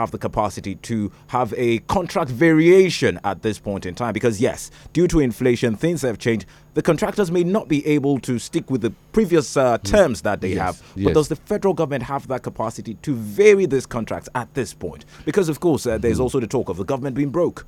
have the capacity to have a contract variation at this point in time because yes due to inflation things have changed the contractors may not be able to stick with the previous uh, mm. terms that they yes, have but does the federal government have that capacity to vary these contracts at this point because of course uh, there's mm. also the talk of the government being broke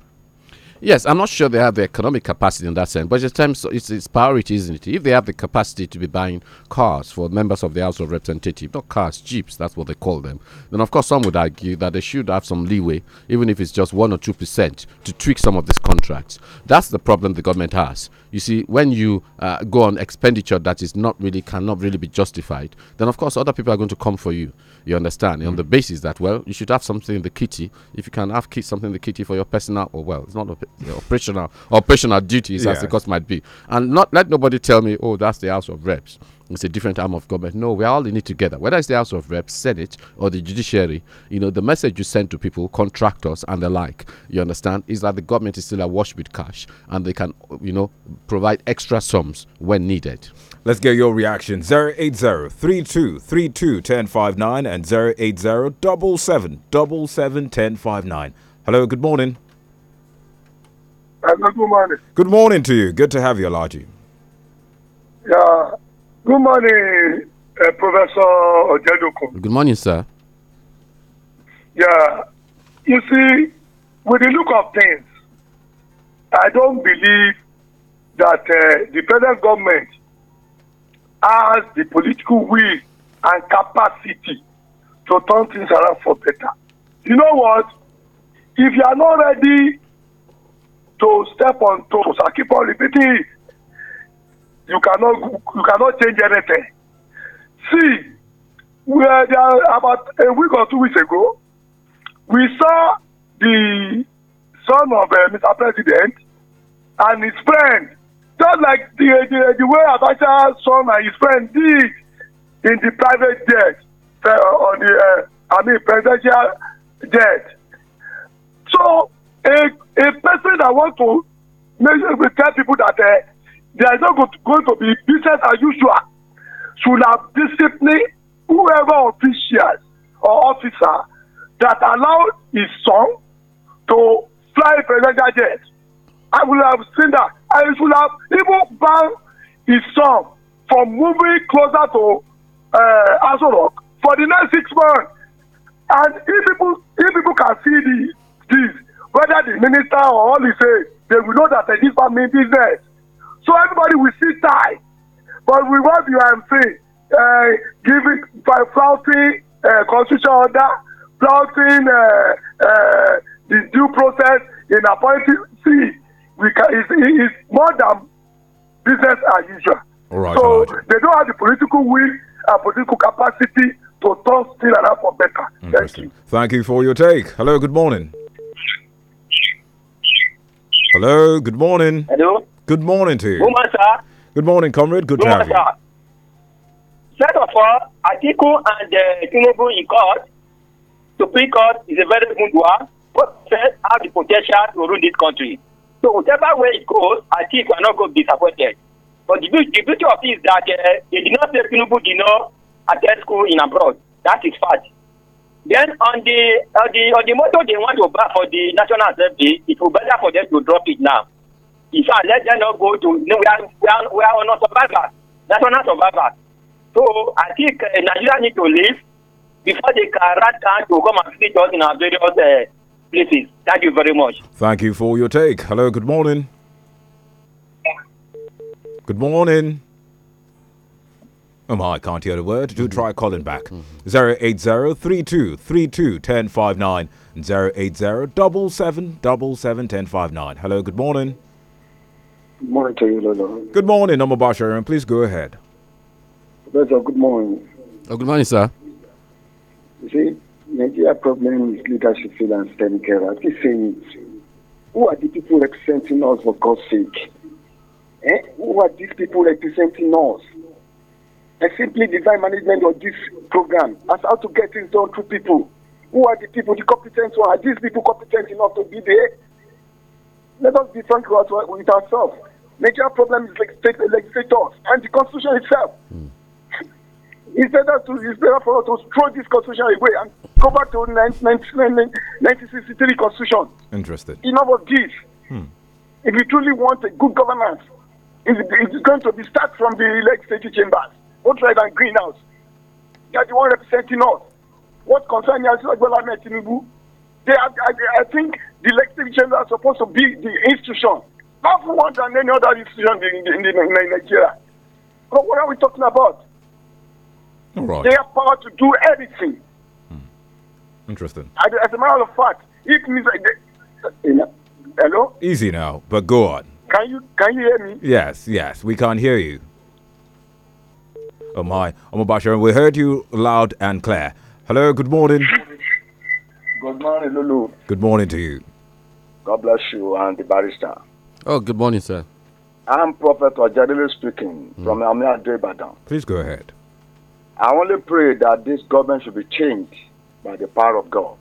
Yes, I'm not sure they have the economic capacity in that sense, but it's times it's, it's priority, isn't it? If they have the capacity to be buying cars for members of the House of Representatives, not cars, jeeps, that's what they call them, then of course some would argue that they should have some leeway, even if it's just one or two percent, to tweak some of these contracts. That's the problem the government has. You see, when you uh, go on expenditure that is not really cannot really be justified, then of course other people are going to come for you. You understand? Mm. Mm-hmm. On the basis that, well, you should have something in the kitty. If you can have ki- something in the kitty for your personal, or well, it's not op- operational operational duties yeah. as the cost might be. And not let nobody tell me, oh, that's the House of Reps. It's a different arm of government. No, we're all in it together. Whether it's the House of Reps, Senate, or the judiciary, you know, the message you send to people, contractors, and the like, you understand, is that the government is still awash with cash and they can, you know, provide extra sums when needed. Let's get your reaction. 080-3232-1059 and 080-777-1059. Hello, good morning. Hello, uh, good morning. Good morning to you. Good to have you, Alaji. Yeah. Good morning, uh, Professor Ojedokun. Good morning, sir. Yeah. You see, with the look of things, I don't believe that uh, the federal government has the political will and capacity to turn things around for better. You know what? If you are not ready to step on toes, I keep on repeating it. You cannot you cannot change anything. See, where there about a week or two weeks ago, we saw the son of uh, Mr. President and his friend just like the, the, the way Abacha's son and his friend did in the private jet, uh, on the, uh, I mean, presidential jet. So, a, a person that wants to make sure we tell people that uh, there is not going to be business as usual should have disciplined whoever officials or officer that allowed his son to fly presidential jet. I would have seen that and he should have even banned his son from moving closer to uh, for the next six months. And if people if people can see the this, whether the minister or all he say, they will know that uh, this family business. So everybody will see tie. But we want you are saying, uh, giving by flouting uh, constitutional order, flouting uh, uh, the due process in appointing, see, we can it's, it's more than business as usual. All right, so all right. they don't have the political will and political capacity to turn still around for better. Thank you. Thank you for your take. Hello, good morning. Hello, good morning. Hello. Good morning to you. Good morning, sir. Good morning, comrade. Good, good morning, to have you. First of all, Atiku and uh, Tinubu in court, Supreme Court is a very good one. Both have the potential to rule this country. So whatever way it goes, I think we are not going to be disappointed. But the, the beauty of it is that uh, they did not say Tinubu did not attend school in abroad. That is fact. Then on the on the on the motto they want to back for the national assembly, it will be better for them to drop it now. If I let them not go to you know, we are we are we are not survivors, national survivors. So I think uh, Nigeria need to leave before they can rat down to come and visit us in our various uh, Blessings. Thank you very much. Thank you for your take. Hello, good morning. Good morning. Oh my, I can't hear a word. Do try calling back. Mm-hmm. 080 Hello, good morning. Good morning to you, Lolo. Good morning, Omar and please go ahead. good morning. Oh, good morning, sir. You see, Nigeria problem is leadership fail and stem care. I keep saying Who are the people representing us for God's sake? Eh? Who are these people representing us? I eh, simply design management of this program as how to get things done through people. Who are the people, the competent ones? Are these people competent enough to be there? Let us be frank with ourselves. Major problem is like legislators and the constitution itself. Mm instead of to for us to throw this constitution away and go back to 1963 constitution. Interesting. Enough of this. Hmm. If we truly want a good governance, it's, going to be start from the legislative chambers, both red and green house. They are the one representing us. What concerns us, Bola Tinubu, they are, I, I think the legislative chamber are supposed to be the institution, not one than any other institution in, in, in Nigeria. But what are we talking about? All right. They have power to do anything. Hmm. Interesting. As a matter of fact, it means like they, eh, eh, hello. Easy now, but go on. Can you can you hear me? Yes, yes, we can't hear you. Oh my, i oh we heard you loud and clear. Hello, good morning. Good morning, Lulu. Good morning to you. God bless you and the barrister. Oh, good morning, sir. I'm Prophet Ojadele speaking mm. from hmm. Amir Ibadan. Please go ahead. I only pray that this government should be changed by the power of God.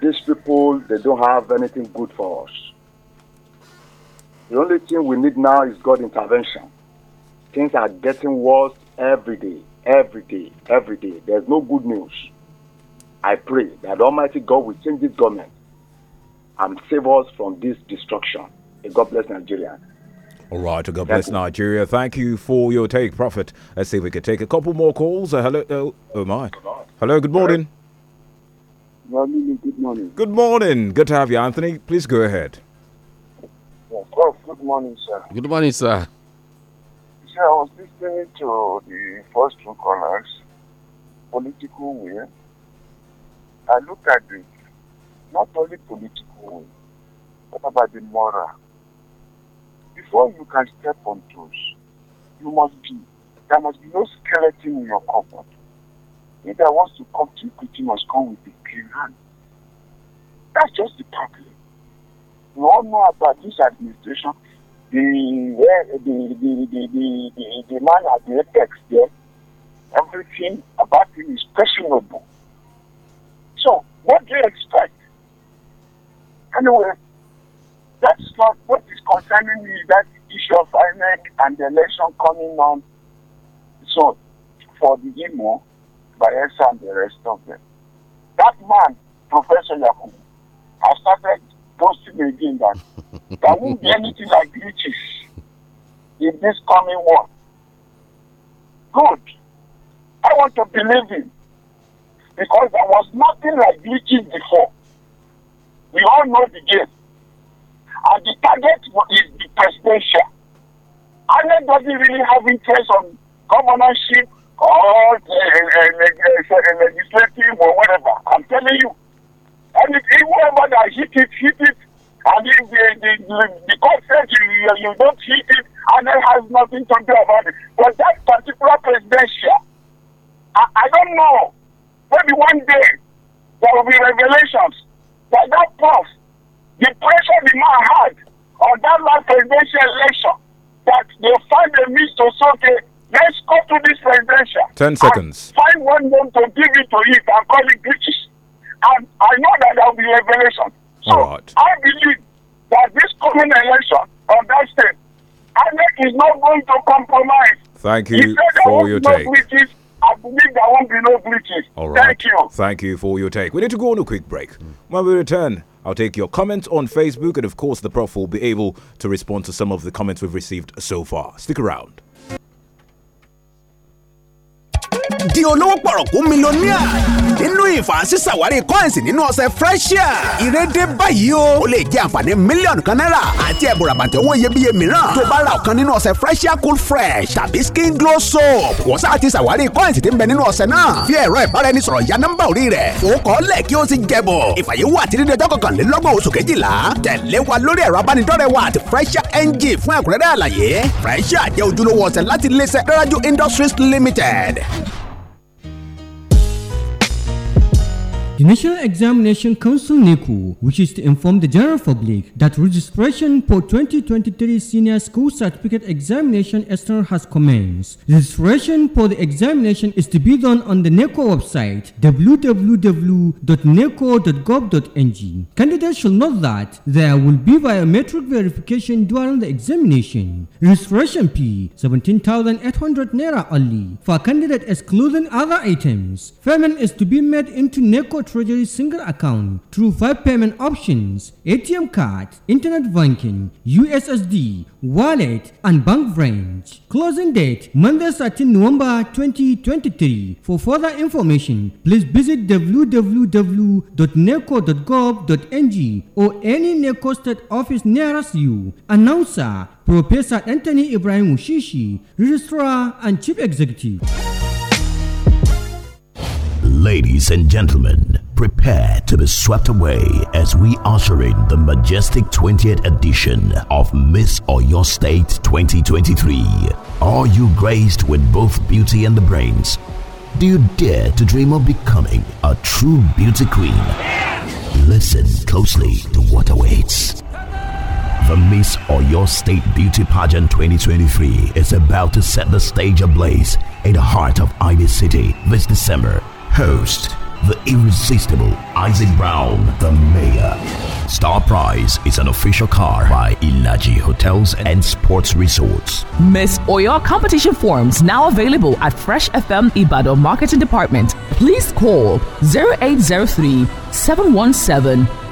These people, they don't have anything good for us. The only thing we need now is God intervention. Things are getting worse every day, every day, every day. There's no good news. I pray that Almighty God will change this government and save us from this destruction. And God bless Nigeria. All right, God bless Thank Nigeria. Thank you for your take, Prophet. Let's see if we could take a couple more calls. Uh, hello, oh, oh my. Hello, good morning. Good morning. Good morning. Good to have you, Anthony. Please go ahead. Prof, good morning, sir. Good morning, sir. Sir, I was listening to the first two callers, political way. I look at it, not only political will, but about the moral before you can step on toes, you must be, there must be no skeleton in your cupboard. If there wants to come to you, you must come with a clean hand. That's just the problem. We all know about this administration. The, where, the, the, the, the, the, the man at the apex there, everything about him is questionable. So, what do you expect? Anyway, that's not what is concerning me, that issue of INEC and the election coming on. So, for the Imo, Bayelsa, and the rest of them. That man, Professor Yakubu, has started posting again that there won't be anything like glitches in this coming war. Good. I want to believe him because there was nothing like glitches before. We all know the game and the target is the presidential. INEC doesn't really have interest on governorship or uh, legislative or whatever. I'm telling you. And if whoever that hit it, hit it. And if the, the, the, the court says you, you don't hit it, and it has nothing to do about it. But that particular presidential, I, I don't know. Maybe one day there will be revelations that that post the pressure the man had on that last presidential election that they find a means to say, let's go to this presidential. Ten seconds. Find one name to give it to him and call it British. And I know that there will be revelation. So right. I believe that this coming election on that state, INEC is not going to compromise. Thank you for your take. British, I believe there won't be no glitches. All right. Thank you. Thank you for your take. We need to go on a quick break. When we return, I'll take your comments on Facebook, and of course, the prof will be able to respond to some of the comments we've received so far. Stick around. di olówó pọ̀rọ̀kú mílíọ̀nìà nínú ìfàṣìṣàwárí coins nínú ọ̀sẹ̀ freshia ìrèdè báyìí o ó lè jẹ́ àǹfààní mílíọ̀nù kan náírà àti ẹ̀bùrà bàtẹ̀ owó iyebíye mìíràn tó bá ra ọ̀kan nínú ọ̀sẹ̀ freshia cool fresh tàbí skin glow soap wọ́n sá ti ṣàwárí coins ti ń bẹ nínú ọ̀sẹ̀ náà fi ẹ̀rọ ìbáraẹnisọ̀rọ̀ ya nọ́mbà orí rẹ̀ ó kọ́ lẹ̀ kí ó ti jẹ̀bọ̀ ìfàyẹ̀wò àti dídé ọjọ́ kọkànlélọ́gbọ̀n oṣù kejìlá tẹ̀lé wa lórí ẹ̀rọ freshia ng fún ẹ̀kúnrẹ́rẹ́ àlàyé freshia jẹ́ Industries Limited. The National Examination Council NECO wishes to inform the general public that registration for 2023 Senior School Certificate Examination External has commenced. Registration for the examination is to be done on the NECO website www.neco.gov.ng. Candidates should note that there will be biometric verification during the examination. Registration fee 17,800 naira only for a candidate excluding other items. Payment is to be made into NECO treasury single account through five payment options, ATM card, internet banking, USSD, wallet, and bank branch. Closing date, Monday 13 November 2023. For further information, please visit www.neco.gov.ng or any NECO state office nearest you. Announcer, Professor Anthony Ibrahim Ushishi, Registrar and Chief Executive. Ladies and gentlemen, prepare to be swept away as we usher in the majestic 20th edition of Miss or Your State 2023. Are you graced with both beauty and the brains? Do you dare to dream of becoming a true beauty queen? Listen closely to what awaits. The Miss or Your State Beauty Pageant 2023 is about to set the stage ablaze in the heart of Ivy City this December Host the irresistible Isaac Brown, the mayor. Star Prize is an official car by Ilaji Hotels and Sports Resorts. Miss Oyo competition forms now available at Fresh FM Ibado Marketing Department. Please call 0803 717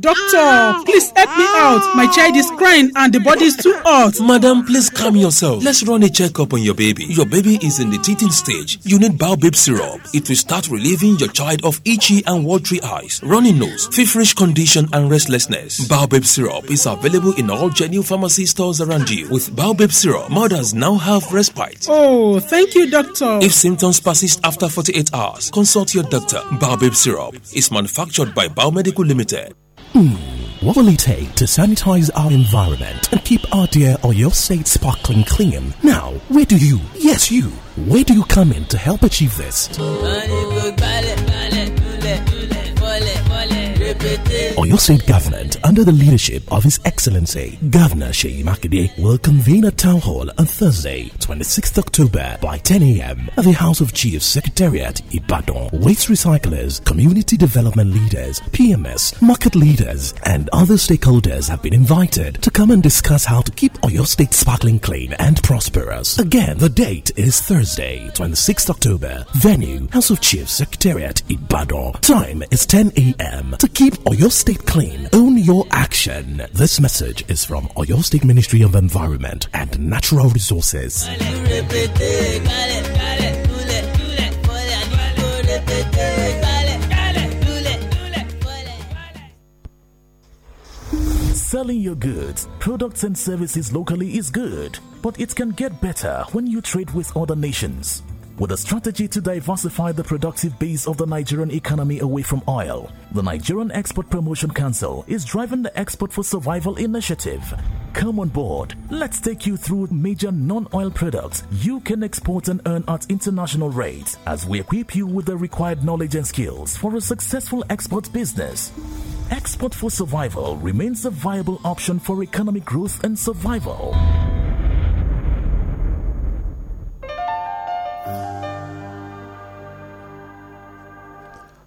Doctor, ah. please help me out. My child is crying and the body is too hot. Madam, please calm yourself. Let's run a checkup on your baby. Your baby is in the teething stage. You need baobab syrup. It will start relieving your child of itchy and watery eyes, runny nose, feverish condition, and restlessness. Baobab syrup is available in all genuine pharmacy stores around you. With baobab syrup, mothers now have respite. Oh, thank you, doctor. If symptoms persist after 48 hours, consult your doctor. Baobab syrup is manufactured by Biomedical Limited. Mm, what will it take to sanitize our environment and keep our dear Oyo State sparkling clean? Now, where do you, yes you, where do you come in to help achieve this? Oyo State Government, under the leadership of His Excellency Governor Shay Makinde, will convene a town hall on Thursday, 26th October by 10 a.m. at the House of Chiefs Secretariat, Ibadan. Waste recyclers, community development leaders, PMS, market leaders, and other stakeholders have been invited to come and discuss how to keep Oyo State sparkling clean and prosperous. Again, the date is Thursday, 26th October. Venue, House of Chiefs Secretariat, Ibadan. Time is 10 a.m. to keep Oyo State clean. Own your action. This message is from Oyo State Ministry of Environment and Natural Resources. Selling your goods, products, and services locally is good, but it can get better when you trade with other nations. With a strategy to diversify the productive base of the Nigerian economy away from oil, the Nigerian Export Promotion Council is driving the Export for Survival initiative. Come on board. Let's take you through major non oil products you can export and earn at international rates as we equip you with the required knowledge and skills for a successful export business. Export for Survival remains a viable option for economic growth and survival.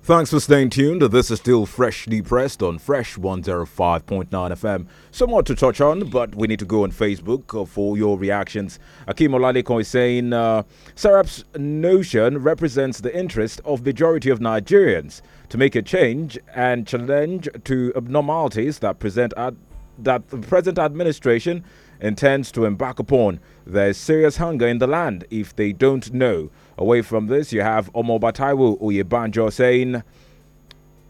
Thanks for staying tuned. This is still freshly pressed on Fresh 105.9 FM. Somewhat to touch on, but we need to go on Facebook for your reactions. Akim Olaleko is saying uh, Sarap's notion represents the interest of majority of Nigerians to make a change and challenge to abnormalities that present ad- that the present administration intends to embark upon. There's serious hunger in the land if they don't know Away from this, you have Omo Bataiwu Uyebanjo saying,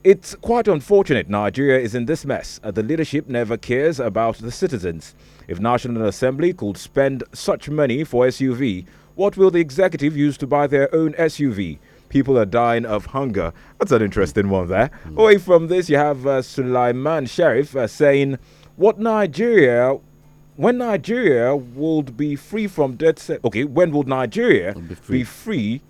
it's quite unfortunate Nigeria is in this mess. Uh, the leadership never cares about the citizens. If National Assembly could spend such money for SUV, what will the executive use to buy their own SUV? People are dying of hunger. That's an interesting one there. Mm. Away from this, you have uh, Sulaiman Sheriff uh, saying, What Nigeria when Nigeria would be free from debt, okay, when would Nigeria be free. be free.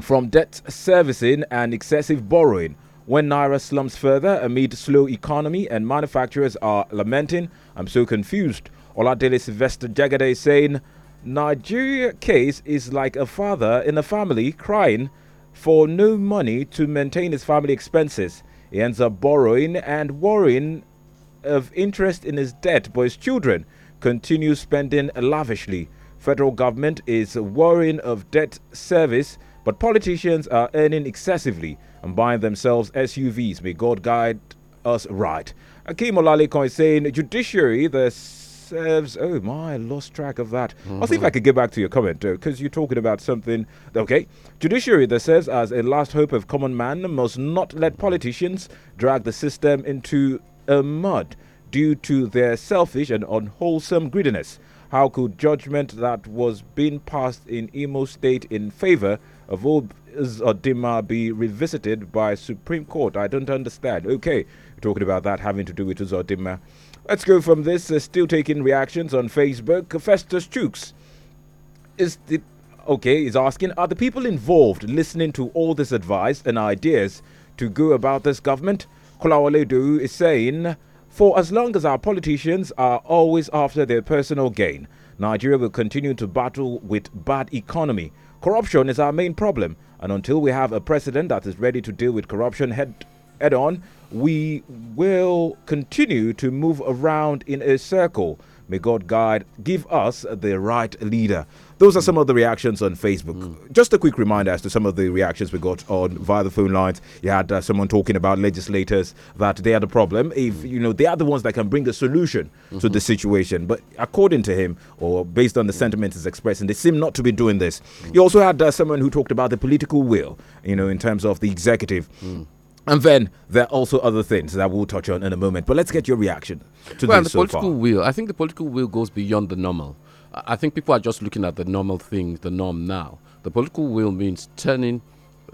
from debt servicing and excessive borrowing? When Naira slumps further amid slow economy and manufacturers are lamenting, I'm so confused. Oladele Sylvester Jagade is saying, Nigeria case is like a father in a family crying for no money to maintain his family expenses. He ends up borrowing and worrying of interest in his debt, but his children continue spending lavishly. Federal government is worrying of debt service, but politicians are earning excessively and buying themselves SUVs. May God guide us right. Akim Olalekon is saying judiciary the serves. Oh my, I lost track of that. Mm -hmm. I'll see if I mm-hmm. could get back to your comment because you're talking about something. Okay, judiciary that serves as a last hope of common man must not let politicians drag the system into a mud due to their selfish and unwholesome greediness. How could judgment that was being passed in Imo State in favor of Zodima be revisited by Supreme Court? I don't understand. Okay, talking about that having to do with Zodima. Let's go from this. Uh, still taking reactions on Facebook. Festus Chooks is the okay is asking: Are the people involved listening to all this advice and ideas to go about this government? Kolawole Dou is saying, For as long as our politicians are always after their personal gain, Nigeria will continue to battle with bad economy. Corruption is our main problem, and until we have a president that is ready to deal with corruption head head on, we will continue to move around in a circle. May God guide, give us the right leader. Those are some of the reactions on Facebook. Mm. Just a quick reminder as to some of the reactions we got on via the phone lines. You had uh, someone talking about legislators that they are the problem. If you know they are the ones that can bring the solution mm-hmm. to the situation, but according to him or based on the sentiments he's expressing, they seem not to be doing this. Mm. You also had uh, someone who talked about the political will, you know, in terms of the executive. Mm. And then there are also other things that we'll touch on in a moment. But let's get your reaction to well, this the so political far. will. I think the political will goes beyond the normal. I think people are just looking at the normal thing, the norm now. The political will means turning,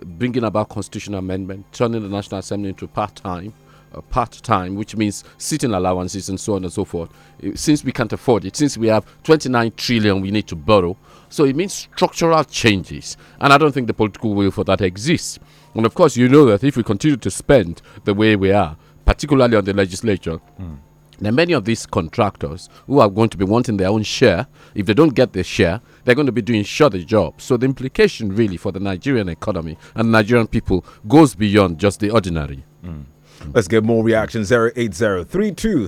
bringing about constitutional amendment, turning the National Assembly into part time, uh, part time, which means sitting allowances and so on and so forth. Uh, since we can't afford it, since we have 29 trillion we need to borrow, so it means structural changes. And I don't think the political will for that exists. And of course, you know that if we continue to spend the way we are, particularly on the legislature, mm. Now, many of these contractors who are going to be wanting their own share, if they don't get their share, they're going to be doing shorter jobs. So, the implication really for the Nigerian economy and Nigerian people goes beyond just the ordinary. Mm. Let's get more reactions 80 and 80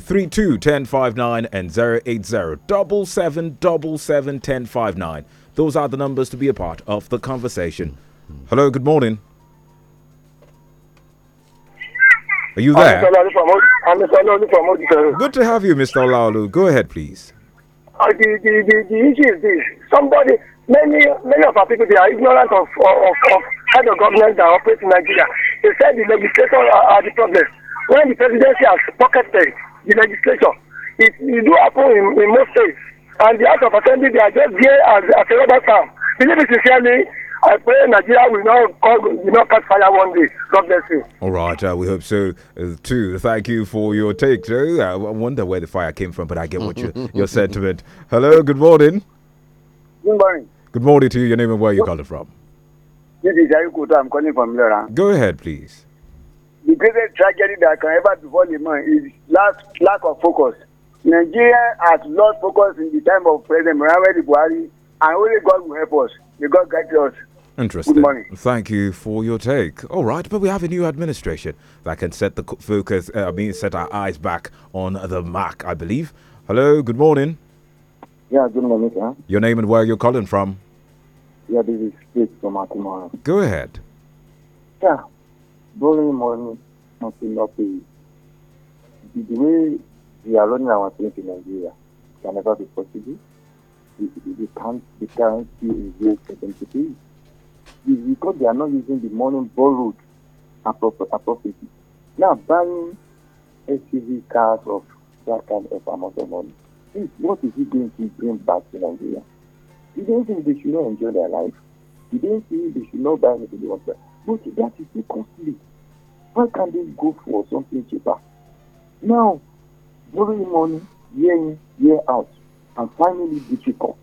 777 Those are the numbers to be a part of the conversation. Hello, good morning. Are you there? Good to have you, Mr. Olaolu. Go ahead, please. Uh, the, the, the, the issue is this. Somebody, many, many of our people, they are ignorant of, of, of how the government that operates in Nigeria. They said the legislature are, are the problem. When the presidency has pocketed the legislature, it, it do happen in, in most states. And the House of Assembly, they are just there as, as a rubber stamp. Believe it sincerely, I pray Nigeria will not will not catch fire one day. God bless you. All right, uh, we hope so uh, too. Thank you for your take, Joe. Uh, I wonder where the fire came from, but I get what you, your sentiment. Hello, good morning. Good morning. Good morning to you. Your name and where you calling from? This is Ayukuta. I'm calling from Lera. Go ahead, please. The greatest tragedy that can ever befall a man is lack, lack of focus. Nigeria has lost focus in the time of President Muhammad Buhari, and only God will help us. May God guide us. Interesting. Thank you for your take. All right, but we have a new administration that can set the focus, uh, I mean, set our eyes back on the mark, I believe. Hello, good morning. Yeah, good morning, Your name and where you're calling from? Yeah, this is from Akumara. Go ahead. Yeah, good morning, nothing the, the way we are running our things in Nigeria can never be possible. We, can't, we can't see certain because they are not using the money borrowed appropriately. Now, buying SUV cars of that kind of amount of money, what is he going to bring back to Nigeria? You don't think they should not enjoy their life? You don't think they should not buy anything they want to But that is too costly. Why can't they go for something cheaper? Now, borrowing money year in, year out, and finally difficult.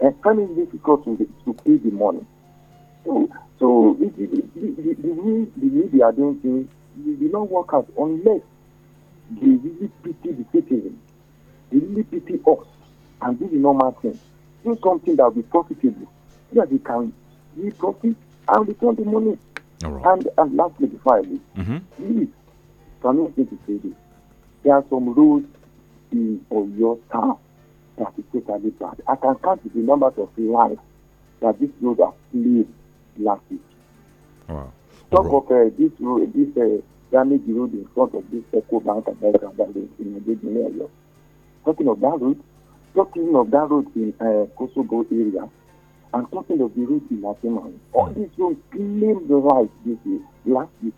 And finally difficult to, to pay the money. So, so the, the, the, the, way, the way they are doing things, it will not work out unless they really pity the citizens, they really pity us, and do the normal thing. Do something that will be profitable, so that they can we profit and return the money. Right. And, and lastly, mm-hmm. the I please, permit me to say this. There are some rules in your town that is totally bad. I can count the numbers of lives that these roads have lived last week. Wow. Talk of uh, this road, this uh, damage road in front of this Eco Bank and Bank in Adejime area. Talking of that road, talking of that road in uh, Kosovo area, and talking of the road in Latiman, mm. all these roads claim the right this year, last week.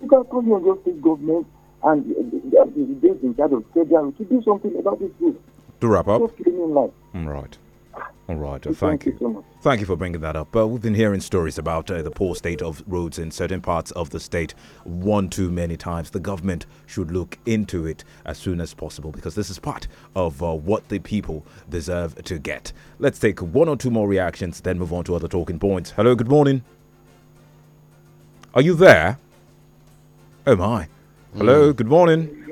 You can call on your state government and the, the, in charge of federal to do something about this road. To wrap up. Right. All right. thank, thank, you. So thank you for bringing that up. Uh, we've been hearing stories about uh, the poor state of roads in certain parts of the state one too many times. The government should look into it as soon as possible because this is part of uh, what the people deserve to get. Let's take one or two more reactions, then move on to other talking points. Hello, good morning. Are you there? Oh, my. Hello, mm. good morning.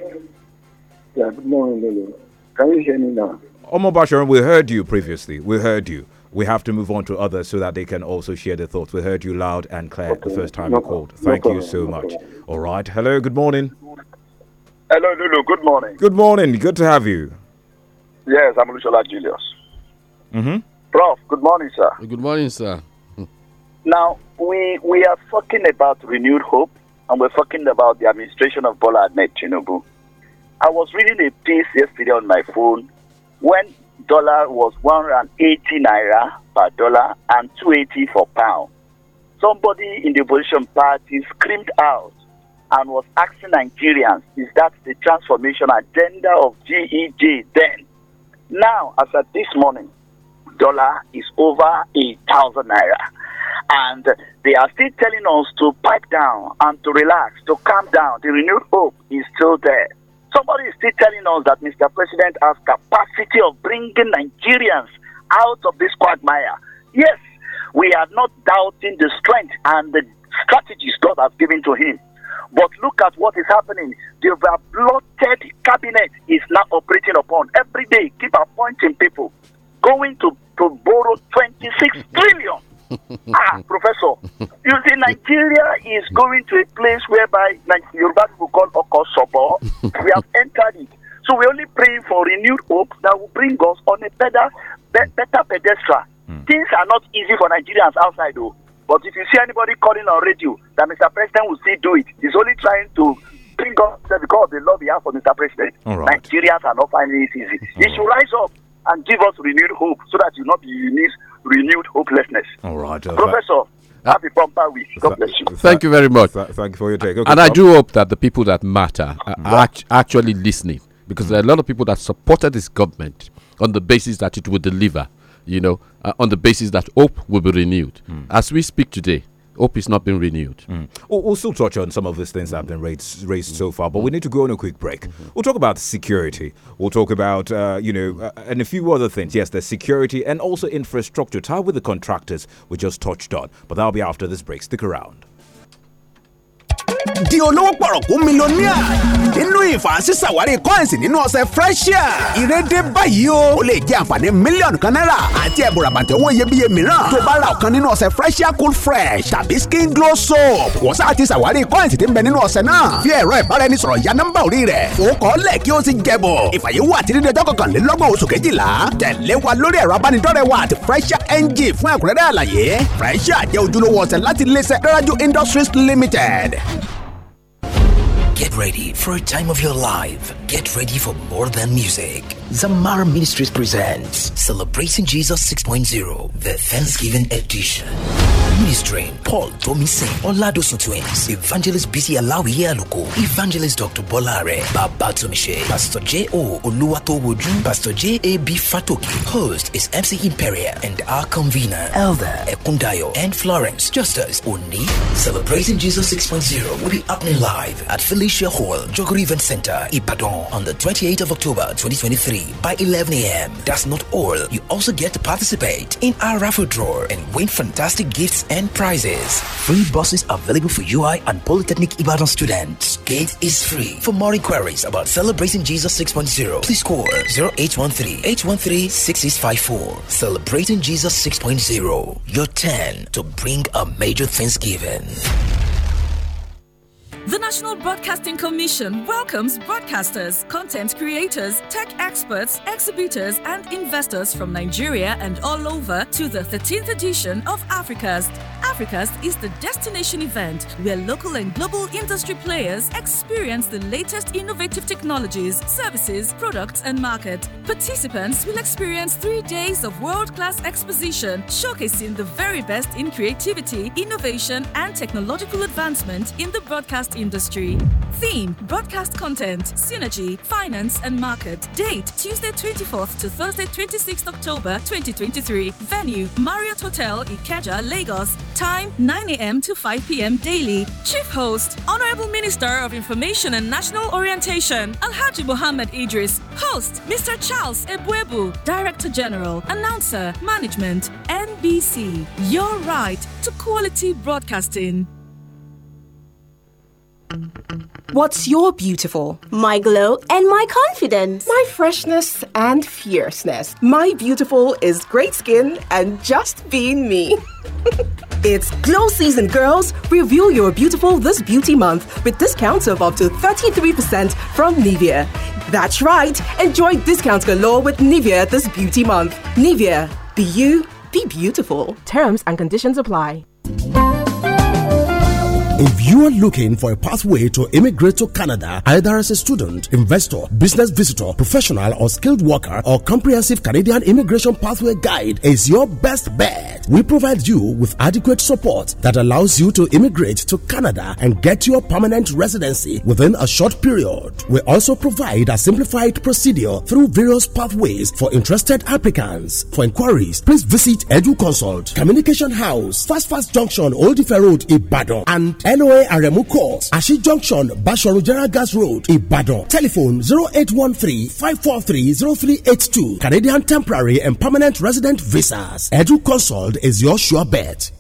Yeah, good morning, Lulu. Can you hear me now? Omo we heard you previously. We heard you. We have to move on to others so that they can also share their thoughts. We heard you loud and clear okay. the first time no, you called. Thank no you so much. All right. Hello. Good morning. Hello, Lulu. Good morning. Good morning. Good to have you. Yes, I'm Lucia Julius. Mm -hmm. Prof, good morning, sir. Good morning, sir. Now, we, we are talking about renewed hope and we're talking about the administration of Bola Ahmed Tinubu. I was reading a piece yesterday on my phone when dollar was 180 naira per dollar and 280 for pound. Somebody in the opposition party screamed out and was asking Nigerians, is that the transformation agenda of GEJ then? Now, as at this morning, dollar is over 8,000 naira. And they are still telling us to pipe down and to relax, to calm down. The renewed hope is still there. Somebody is still telling us that Mr. President has capacity of bringing Nigerians out of this quagmire. Yes, we are not doubting the strength and the strategies God has given to him. But look at what is happening. The bloated cabinet is now operating upon. Every day, keep appointing people, going to, to borrow 26 trillion ah, Professor, you see, Nigeria is going to a place whereby like Yoruba people call Okosobo. we have entered it. So we're only praying for renewed hope that will bring us on a better, be- better pedestal. Mm. Things are not easy for Nigerians outside, though. But if you see anybody calling on radio that Mr. President will still do it, he's only trying to bring us because of the love he has for Mr. President. Right. Nigerians are not finding it easy. he should rise up and give us renewed hope so that you not be unique renewed hopelessness. All right. Uh, Professor. Uh, happy bumper week. God bless you. Thank you very much. That, thank you for your take. Okay, and I do hope that the people that matter mm. are act actually listening because there are a lot of people that supported this government on the basis that it would deliver, you know, uh, on the basis that hope will be renewed. Mm. As we speak today, hope it's not being renewed. Mm. We'll, we'll, still touch on some of these things that have been raised, raised so far, but we need to go on a quick break. Mm -hmm. We'll talk about security. We'll talk about, uh, you know, uh, and a few other things. Yes, there's security and also infrastructure tied with the contractors we just touched on, but that'll be after this break. Stick around. di olówó pọ̀rọ̀kú mílíọ̀nìà nínú ìfàṣìṣàwárí coins nínú ọ̀sẹ̀ freshia ìrèdè báyìí o ó lè jẹ́ àǹfààní mílíọ̀nù kan náírà àti ẹ̀bùn ràbàtì owó iyebíye mìíràn tó bá ra ọ̀kan nínú ọ̀sẹ̀ freshia cool fresh tàbí skin glow soap wọ́n sá ti ṣàwárí coins tí ń bẹ nínú ọ̀sẹ̀ náà fi ẹ̀rọ ìbáraẹnisọ̀rọ̀ ya nọ́mbà orí rẹ̀ ó kọ́ lẹ̀ kí ó sì jẹ̀bọ̀ ìfàyẹ̀wò àti dídé ọjọ́ kọkànlélọ́gbọ̀n oṣù kejìlá tẹ̀lé wa lórí ẹ̀rọ abánidọ́rẹ̀ wa àti freshia ng fún ẹ̀kúnrẹ́rẹ́ àlàyé freshia jẹ́ ojúlówó Industries Limited. Get ready for a time of your life. Get ready for more than music. Zamar Ministries presents Celebrating Jesus 6.0, the Thanksgiving edition. Ministering Paul Tomise, Oladosun Twins, Evangelist BC Alawi Aluko, Evangelist Dr. Bolare, Baba Tomise, Pastor J.O. Oluwatowoju, Pastor J.A.B. Fatoki. Host is MC Imperial and our convener, Elder Ekundayo and Florence Justus Oni. Celebrating Jesus 6.0 will be happening live at Felicia Acacia Hall, Jogo Event Center, Ibadan, on the 28th of October 2023 by 11 a.m. That's not all. You also get to participate in our raffle draw and win fantastic gifts and prizes. Free buses available for UI and Polytechnic Ibadan students. Gate is free. For more inquiries about Celebrating Jesus 6.0, please call 0813 813 6654. Celebrating Jesus 6.0. Your turn to bring a major Thanksgiving. The National Broadcasting Commission welcomes broadcasters, content creators, tech experts, exhibitors, and investors from Nigeria and all over to the 13th edition of Africa's. Africa's is the destination event where local and global industry players experience the latest innovative technologies, services, products, and market. Participants will experience three days of world class exposition showcasing the very best in creativity, innovation, and technological advancement in the broadcast podcast industry. Theme Broadcast Content, Synergy, Finance and Market. Date Tuesday 24th to Thursday 26th October 2023. Venue Marriott Hotel, Ikeja, Lagos. Time 9 a.m. to 5 p.m. daily. Chief Host Honorable Minister of Information and National Orientation Alhaji Mohammed Idris. Host Mr. Charles Ebuebu. Director General, Announcer, Management, NBC. Your right to quality broadcasting. What's your beautiful? My glow and my confidence. My freshness and fierceness. My beautiful is great skin and just being me. it's glow season, girls. Review your beautiful this beauty month with discounts of up to 33% from Nivea. That's right. Enjoy discounts galore with Nivea this beauty month. Nivea, be you, be beautiful. Terms and conditions apply. If you are looking for a pathway to immigrate to Canada, either as a student, investor, business visitor, professional, or skilled worker, our comprehensive Canadian immigration pathway guide is your best bet. We provide you with adequate support that allows you to immigrate to Canada and get your permanent residency within a short period. We also provide a simplified procedure through various pathways for interested applicants. For inquiries, please visit EduConsult, Communication House, Fast Fast Junction, Old Ife Road, Ibadan, and NOA Aremu Course, Ashi Junction, Basharu Gas Road, Ibadan. Telephone zero zero eight one three three five four three eight two Canadian Temporary and Permanent Resident Visas. Edu Consult is your sure bet.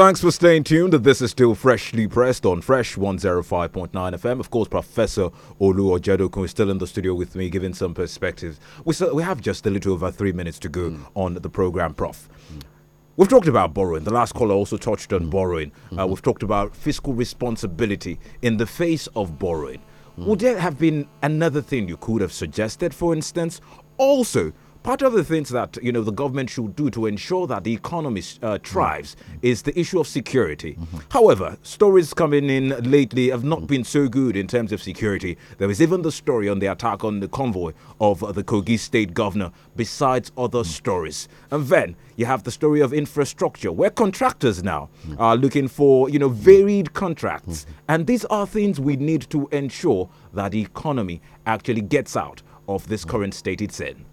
Thanks for staying tuned. This is still freshly pressed on Fresh 105.9 FM. Of course, Professor Olu Ojedokun is still in the studio with me, giving some perspectives. We still, we have just a little over three minutes to go mm. on the program, Prof. Mm. We've talked about borrowing. The last caller also touched on mm. borrowing. -hmm. we've talked about fiscal responsibility in the face of borrowing. Mm. Would there have been another thing you could have suggested, for instance? Also, Part of the things that you know the government should do to ensure that the economy uh, thrives mm-hmm. is the issue of security. Mm -hmm. However, stories coming in lately have not been so good in terms of security. There was even the story on the attack on the convoy of uh, the Kogi state governor, besides other mm. stories. And then you have the story of infrastructure, where contractors now mm. are looking for you know mm. varied contracts, mm-hmm. and these are things we need to ensure that the economy actually gets out of this current state it's in.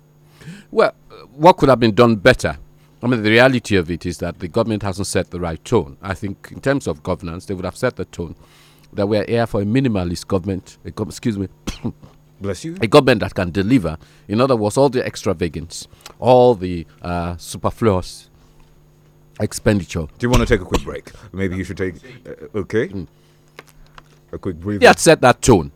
Well, what could have been done better? I mean, the reality of it is that the government hasn't set the right tone. I think, in terms of governance, they would have set the tone that we are here for a minimalist government. A excuse me. Bless you. A government that can deliver. In other words, all the extravagance, all the uh, superfluous expenditure. Do you want to take a quick break? Maybe you should take. Uh, okay. Mm. A quick breather. He had set that tone.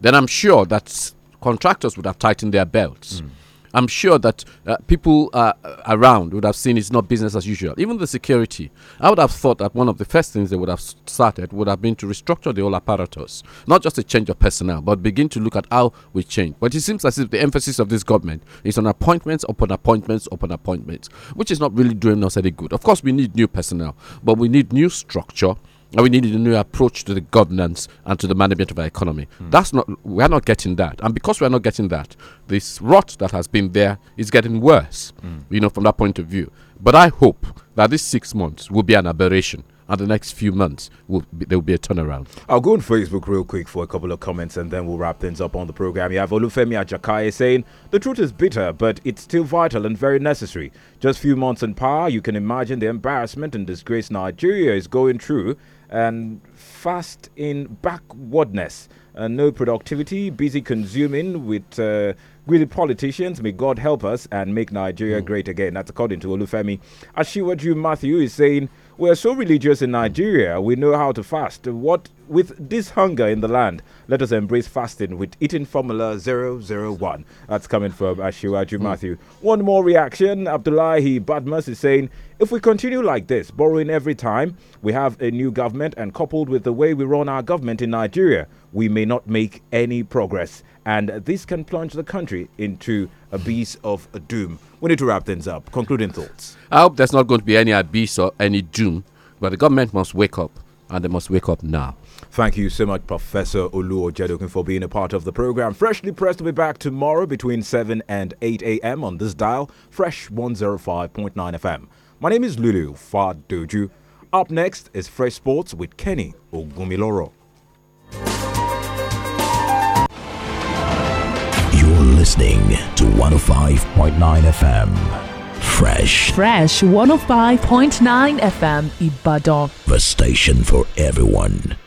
Then I'm sure that contractors would have tightened their belts. Mm I'm sure that uh, people uh, around would have seen it's not business as usual. Even the security, I would have thought that one of the first things they would have started would have been to restructure the whole apparatus, not just a change of personnel, but begin to look at how we change. But it seems as if the emphasis of this government is on appointments upon appointments upon appointments, which is not really doing us any good. Of course, we need new personnel, but we need new structure and we needed a new approach to the governance and to the management of our economy. Mm. That's not we are not getting that, and because we are not getting that, this rot that has been there is getting worse. Mm. You know, from that point of view. But I hope that these six months will be an aberration. And the next few months, will be, there will be a turnaround. I'll go on Facebook real quick for a couple of comments and then we'll wrap things up on the program. You have Olufemi Ajakaye saying, The truth is bitter, but it's still vital and very necessary. Just few months in power, you can imagine the embarrassment and disgrace Nigeria is going through and fast in backwardness. Uh, no productivity, busy consuming with uh, greedy politicians. May God help us and make Nigeria mm. great again. That's according to Olufemi. Ashiwaju Matthew is saying, we are so religious in Nigeria, we know how to fast. What with this hunger in the land, let us embrace fasting with eating formula 001. That's coming from Ashiwaju mm. Matthew. One more reaction. Abdullahi Badmus is saying, if we continue like this, borrowing every time we have a new government and coupled with the way we run our government in Nigeria, we may not make any progress. And this can plunge the country into a beast of doom we need to wrap things up. Concluding thoughts. I hope there's not going to be any abyss or any doom, but the government must wake up, and they must wake up now. Thank you so much, Professor Oluo Jedokin, for being a part of the program. Freshly Pressed will be back tomorrow between 7 and 8 a.m. on this dial, Fresh 105.9 FM. My name is Lulu Fadoju. Up next is Fresh Sports with Kenny Ogumiloro. listening to 105.9 FM. Fresh. Fresh 105.9 FM Ibadan. The station for everyone.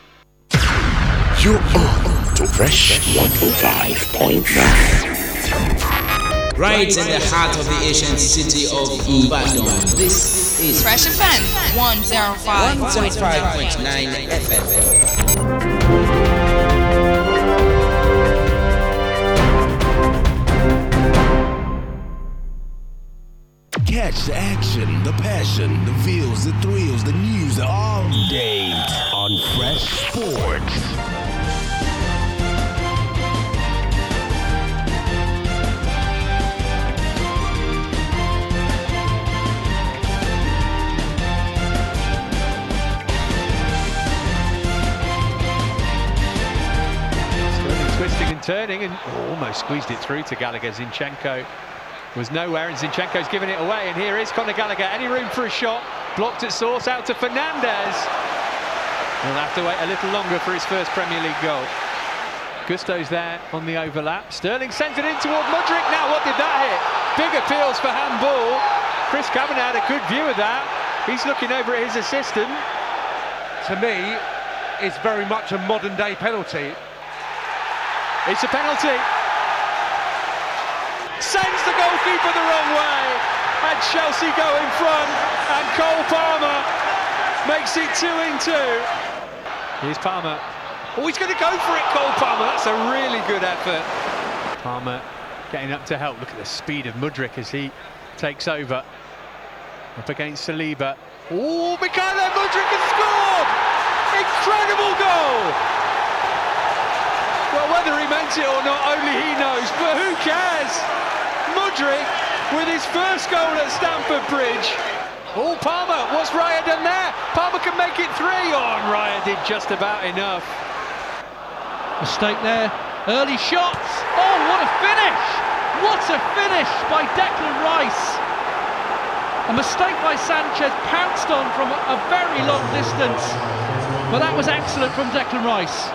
You are to Fresh 105.9. Right in the heart of the ancient city of Ibadan. This is Fresh FM 105.9 FM. Catch the action, the passion, the feels, the thrills, the news all day on Fresh Sports. twisting and turning and almost squeezed it through to Gallagher Zinchenko was nowhere and Zinchenko's given it away and here is Conor Gallagher, any room for a shot, blocked at source, out to Fernandez. He'll have to wait a little longer for his first Premier League goal. Gusto's there on the overlap, Sterling sends it in toward Mudrick, now what did that hit? Big appeals for handball, Chris Kavanagh had a good view of that, he's looking over at his assistant. To me, it's very much a modern day penalty. It's a penalty sends the goalkeeper the wrong way, and Chelsea go in front, and Cole Palmer makes it two in two. Here's Palmer. Oh, he's going to go for it, Cole Palmer. That's a really good effort. Palmer getting up to help. Look at the speed of Mudrick as he takes over. Up against Saliba. Oh, Mikhailo Mudrick has scored! Incredible goal! Well, whether he meant it or not, only he knows. But who cares? Mudrick with his first goal at Stamford Bridge. Oh, Palmer, what's Raya done there? Palmer can make it three. Oh, and Raya did just about enough. Mistake there. Early shots. Oh, what a finish! What a finish by Declan Rice. A mistake by Sanchez, pounced on from a very long distance. But that was excellent from Declan Rice.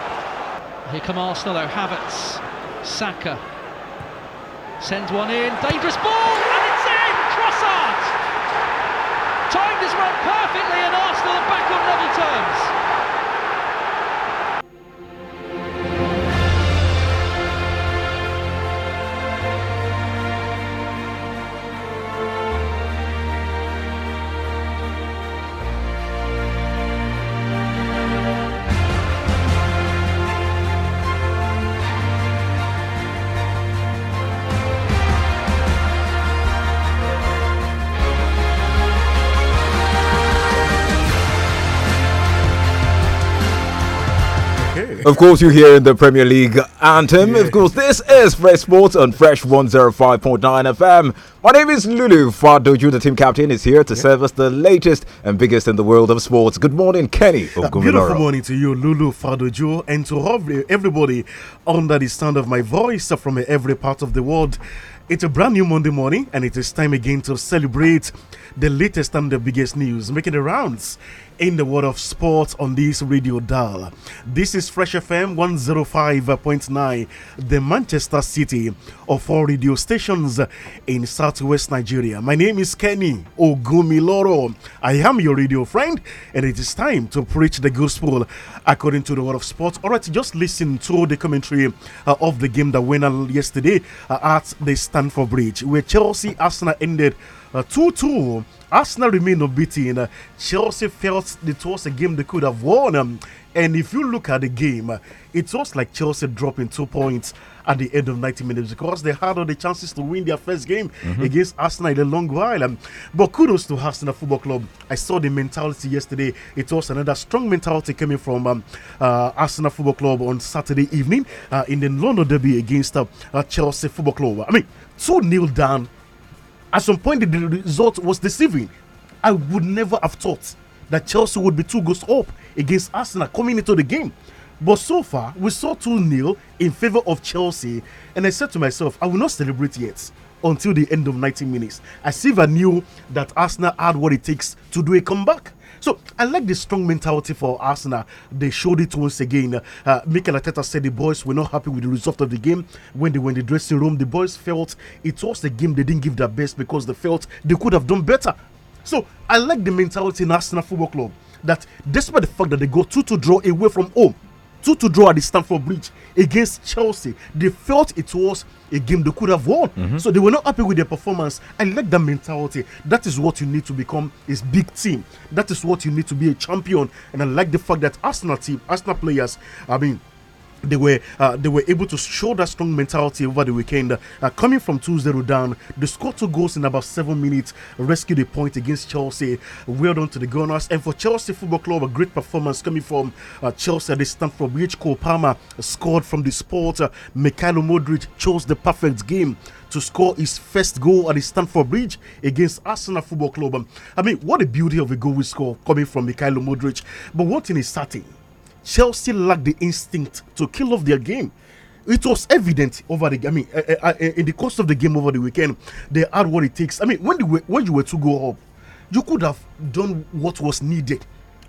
Here come Arsenal though, Havertz, Saka, sends one in, dangerous ball, and it's in! Trossard! Timed his run perfectly and Arsenal are back on level terms. Of course, you hear in the Premier League anthem. Yeah. Of course, this is Fresh Sports on Fresh 105.9 FM. My name is Lulu Fadoju, the team captain, is here to yeah. serve us the latest and biggest in the world of sports. Good morning, Kenny. Beautiful morning to you, Lulu Fadoju, and to everybody under the sound of my voice from every part of the world. It's a brand new Monday morning, and it is time again to celebrate the latest and the biggest news making the rounds in the world of sports on this radio dial. This is Fresh FM 105.9, the Manchester City of four radio stations in southwest Nigeria. My name is Kenny Ogumiloro. I am your radio friend, and it is time to preach the gospel according to the world of sports. All right, just listen to the commentary uh, of the game that went on yesterday uh, at the Stanford Bridge, where Chelsea Arsenal ended uh, 2 2. Arsenal remain unbeaten. Uh, Chelsea felt it was a game they could have won. Um, and if you look at the game, uh, it was like Chelsea dropping two points at the end of 90 minutes because they had all the chances to win their first game mm -hmm. against Arsenal in a long while. Um, but kudos to Arsenal Football Club. I saw the mentality yesterday. It was another strong mentality coming from um, uh, Arsenal Football Club on Saturday evening uh, in the London Derby against uh, Chelsea Football Club. I mean, 2 nil down at some point, the, result was deceiving. I would never have thought that Chelsea would be two goals up against Arsenal coming into the game. But so far, we saw 2 nil in favor of Chelsea. And I said to myself, I will not celebrate yet until the end of 90 minutes. As if I knew that Arsenal had what it takes to do a comeback. So I like the strong mentality for Arsenal. They showed it once again. Uh, Mikel Arteta said the boys were not happy with the result of the game when they were in the dressing room. The boys felt it was the game they didn't give their best because they felt they could have done better. So I like the mentality in Arsenal Football Club that despite the fact that they go 2 to draw away from home, 2 draw at the Stamford Bridge against Chelsea. They felt it was a game they could have won. Mm -hmm. So they were not happy with their performance. I like that mentality. That is what you need to become a big team. That is what you need to be a champion. And I like the fact that Arsenal team, Arsenal players, I mean, they were uh, they were able to show that strong mentality over the weekend. Uh, coming from 2-0 down, they scored two goals in about seven minutes, rescued a point against Chelsea. Well done to the Gunners. And for Chelsea Football Club, a great performance coming from uh, Chelsea. This time from which Cole Palmer scored from the spot. Uh, Mikhailo Modric chose the perfect game to score his first goal at the Stamford Bridge against Arsenal Football Club. Um, I mean, what a beauty of a goal we score coming from Mikhailo Modric. But what in his starting? Chelsea lacked the instinct to kill off their game. It was evident over the. I mean, uh, uh, in the course of the game over the weekend, they had what it takes. I mean, when the, when you were to go up, you could have done what was needed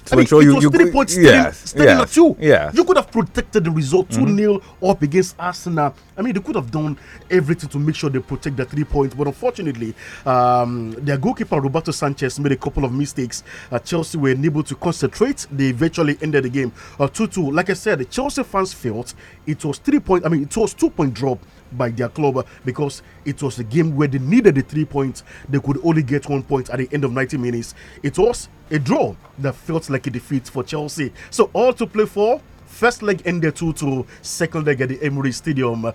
to I mean, you, you three points yeah, steady, yeah, at you. Yeah. You could have protected the result mm-hmm. 2 mm -hmm. up against Arsenal. I mean, they could have done everything to make sure they protect the three points, but unfortunately, um, their goalkeeper Roberto Sanchez made a couple of mistakes. Uh, Chelsea were unable to concentrate. They eventually ended the game uh, 2 uh, 2. Like I said, the Chelsea fans felt it was three point, I mean, it was two point drop by their club uh, because it was a game where they needed the three points. They could only get one point at the end of 90 minutes. It was a draw that felt like a defeat for Chelsea. So, all to play for. First leg ended 2 second leg at the Emery Stadium.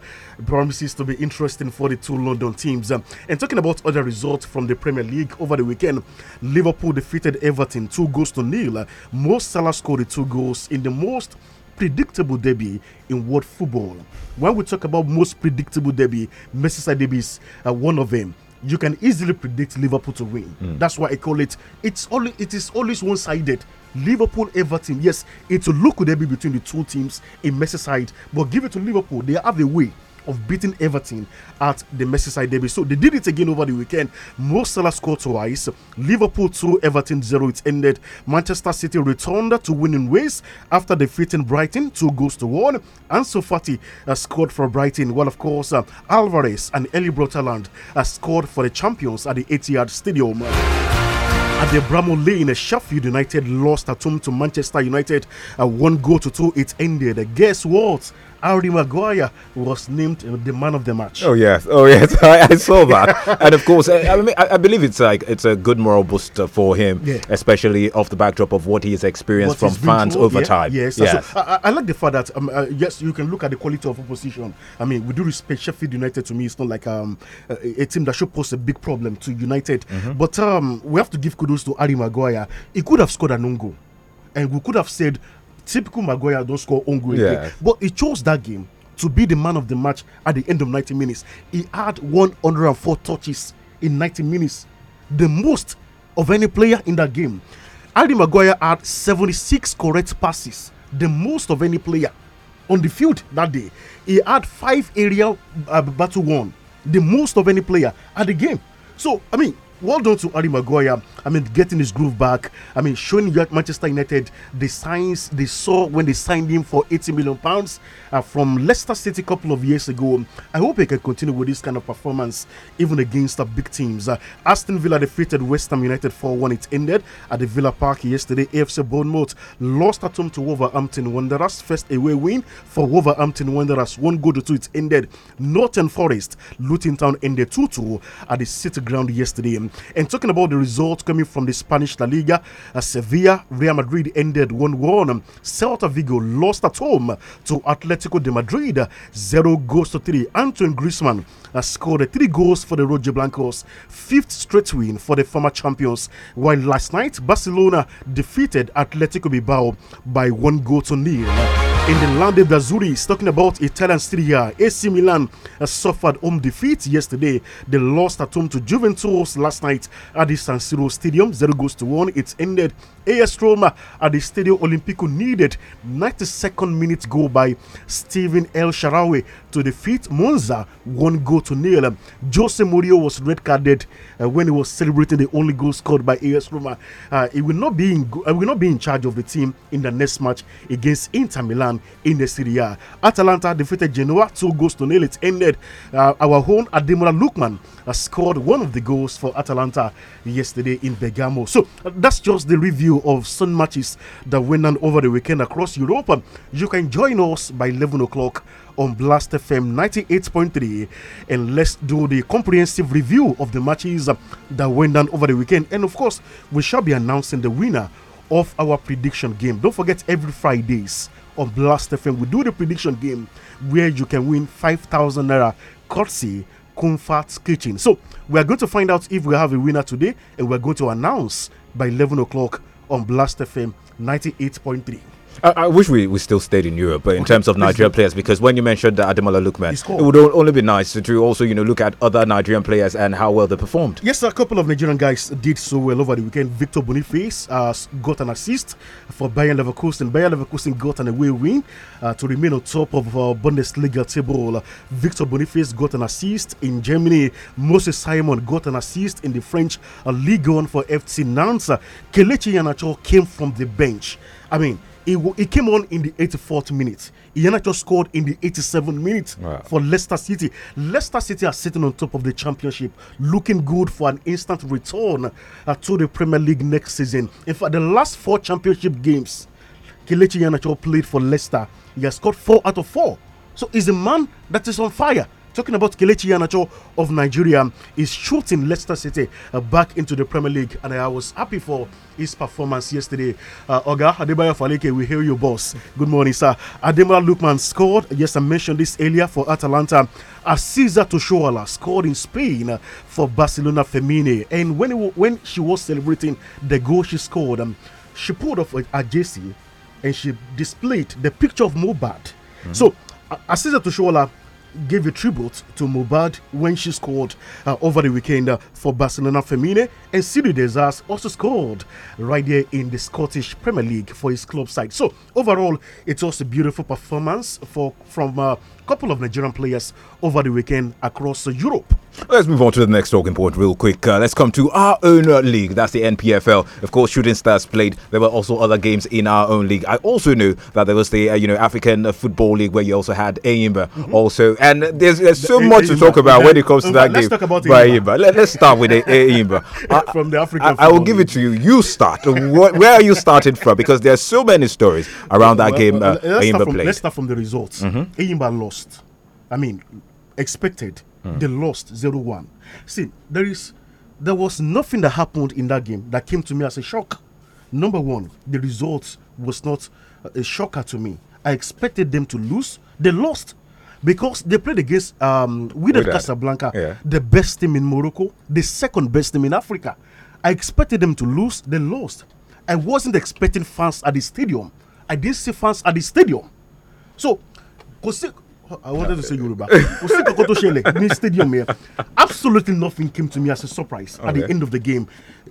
promises to be interesting for the two London teams. and talking about other results from the Premier League over the weekend, Liverpool defeated Everton 2 goals to nil. Mo Salah scored the two goals in the most predictable derby in world football. When we talk about most predictable derby, Merseyside derby is uh, one of them. You can easily predict Liverpool to win. Mm. That's why I call it. It's only it is always one-sided. Liverpool, Everton. Yes, it's a could be between the two teams in Merseyside, but give it to Liverpool. They have a way of beating Everton at the Merseyside Derby. So they did it again over the weekend. Mo Salah scored twice. Liverpool 2, Everton 0. It ended. Manchester City returned to winning ways after defeating Brighton 2 goals to 1. And Fati uh, scored for Brighton. Well, of course, uh, Alvarez and Eli Brotaland uh, scored for the champions at the Etihad Stadium. At the Bramall Lane, Sheffield United lost at home to Manchester United. Uh, one goal to two, it ended. Guess what? Ari Maguire was named the man of the match. Oh yes, oh yes, I, I saw that, and of course, I, I, mean, I, believe it's like it's a good moral booster uh, for him, yeah. especially off the backdrop of what he has experienced what from fans through, over yeah, time. Yes, yes. So, I, like the fact that um, uh, yes, you can look at the quality of opposition. I mean, we do respect Sheffield United. To me, it's not like um, a, uh, a, team that should pose a big problem to United, mm -hmm. but um, we have to give kudos to Ari Maguire. He could have scored an own goal and we could have said typical Maguire don't score own goal yeah. But he chose that game to be the man of the match at the end of 90 minutes. He had 104 touches in 90 minutes, the most of any player in that game. Ali Maguire had 76 correct passes, the most of any player on the field that day. He had five aerial uh, battle won, the most of any player at the game. So, I mean, well done to Harry Maguire. I mean, getting his groove back. I mean, showing Manchester United the signs they saw when they signed him for 80 million pounds uh, from Leicester City a couple of years ago. I hope he can continue with this kind of performance even against the big teams. Uh, Aston Villa defeated West Ham United 4-1. It ended at the Villa Park yesterday. AFC Bournemouth lost at home to Wolverhampton Wanderers. First away win for Wolverhampton Wanderers. One goal to two. It ended. Northern Forest Luton Town ended 2-2 at the City Ground yesterday. And talking about the results coming from the Spanish La Liga, uh, Sevilla, Real Madrid ended 1 1. Celta Vigo lost at home to Atletico de Madrid, uh, 0 goals to 3. Antoine Griezmann uh, scored uh, 3 goals for the Roger Blancos, fifth straight win for the former champions. While last night, Barcelona defeated Atletico Bilbao by 1 goal to nil in the land of Blazzuris, talking about Italian Serie A, AC Milan has suffered home defeat yesterday. They lost at home to Juventus last night at the San Siro Stadium, 0 goals to 1. It ended AS Roma at the Stadio Olimpico needed 92nd minute goal by Steven El Sharawi to defeat Monza one goal to nil. Jose Mourinho was red carded uh, when he was celebrating the only goal scored by AS Roma. Uh, he will not be in uh, will not be in charge of the team in the next match against Inter Milan in the Serie A. Atalanta defeated Genoa two goals to nil. It ended uh, our own Ademola Lukman uh, scored one of the goals for Atalanta yesterday in Bergamo. So uh, that's just the review preview of some matches that went on over the weekend across Europe, you can join us by 11 o'clock on Blast FM 98.3 and let's do the comprehensive review of the matches that went on over the weekend. And of course, we shall be announcing the winner of our prediction game. Don't forget every Fridays on Blast FM we do the prediction game where you can win 5,000 naira courtesy Comfort's Kitchen. So we are going to find out if we have a winner today and we're going to announce by 11 o'clock on Blaster FM 98.3. I, I, wish we, we still stayed in Europe, but in okay. terms of Nigerian players, because when you mentioned Ademola Lukman, it would only be nice to, to also you know look at other Nigerian players and how well they performed. Yes, a couple of Nigerian guys did so well over the weekend. Victor Boniface uh, got an assist for Bayern Leverkusen. Bayern Leverkusen got an away win uh, to remain on top of uh, Bundesliga table. Victor Boniface got an assist in Germany. Moses Simon got an assist in the French uh, league 1 for FC Nantes. Kelechi Yanacho came from the bench. I mean, he, he came on in the 84th minute. Iheanacho just scored in the 87th minute wow. for Leicester City. Leicester City are sitting on top of the championship, looking good for an instant return uh, to the Premier League next season. In fact, the last four championship games, Kelechi Iheanacho played for Leicester. He has scored four out of four. So he's a man that is on fire. Talking about Kelechi Iheanacho of Nigeria is shooting Leicester City uh, back into the Premier League, and I was happy for his performance yesterday. Uh, Oga Adebayo Faleke, we hear you, boss. Good morning, sir. Ademola Lukman scored. Yes, I mentioned this earlier for Atalanta. Aziza Toshoala scored in Spain uh, for Barcelona Femine, and when when she was celebrating the goal she scored, um, she pulled off a, a jersey and she displayed the picture of Mubad. Mm -hmm. So, Aziza Toshoala gave a tribute to Mubad when she scored uh, over the weekend uh, for Barcelona Femine. And Sidi Desas also scored right there in the Scottish Premier League for his club side. So overall, it was a beautiful performance for from a couple of Nigerian players over the weekend across Europe. Let's move on to the next talking point real quick. Uh, let's come to our own league. That's the NPFL. Of course, Shooting Stars played. There were also other games in our own league. I also knew that there was the uh, you know African Football League where you also had Aimba mm -hmm. also. And there's, there's so the much Aimba. to talk about when it comes to uh, that let's game. Talk about Aimba. Aimba. Let, us start with Aimba. uh, from the African. I, I will give it to you. You start. where are you starting from? Because there are so many stories around that well, game. uh, let's, start from, let's, start from, the results. Mm-hmm. lost. I mean, expected. Mm. They lost 0-1. See, there is, there was nothing that happened in that game that came to me as a shock. Number one, the result was not a shocker to me. I expected them to lose. They lost because they played against um, Casablanca, yeah. the best team in Morocco, the second best team in Africa. I expected them to lose, they lost. I wasn't expecting fans at the stadium. I didn't see fans at the stadium. So, I wanted to say Yoruba. stadium here. Absolutely nothing came to me as a surprise okay. at the end of the game.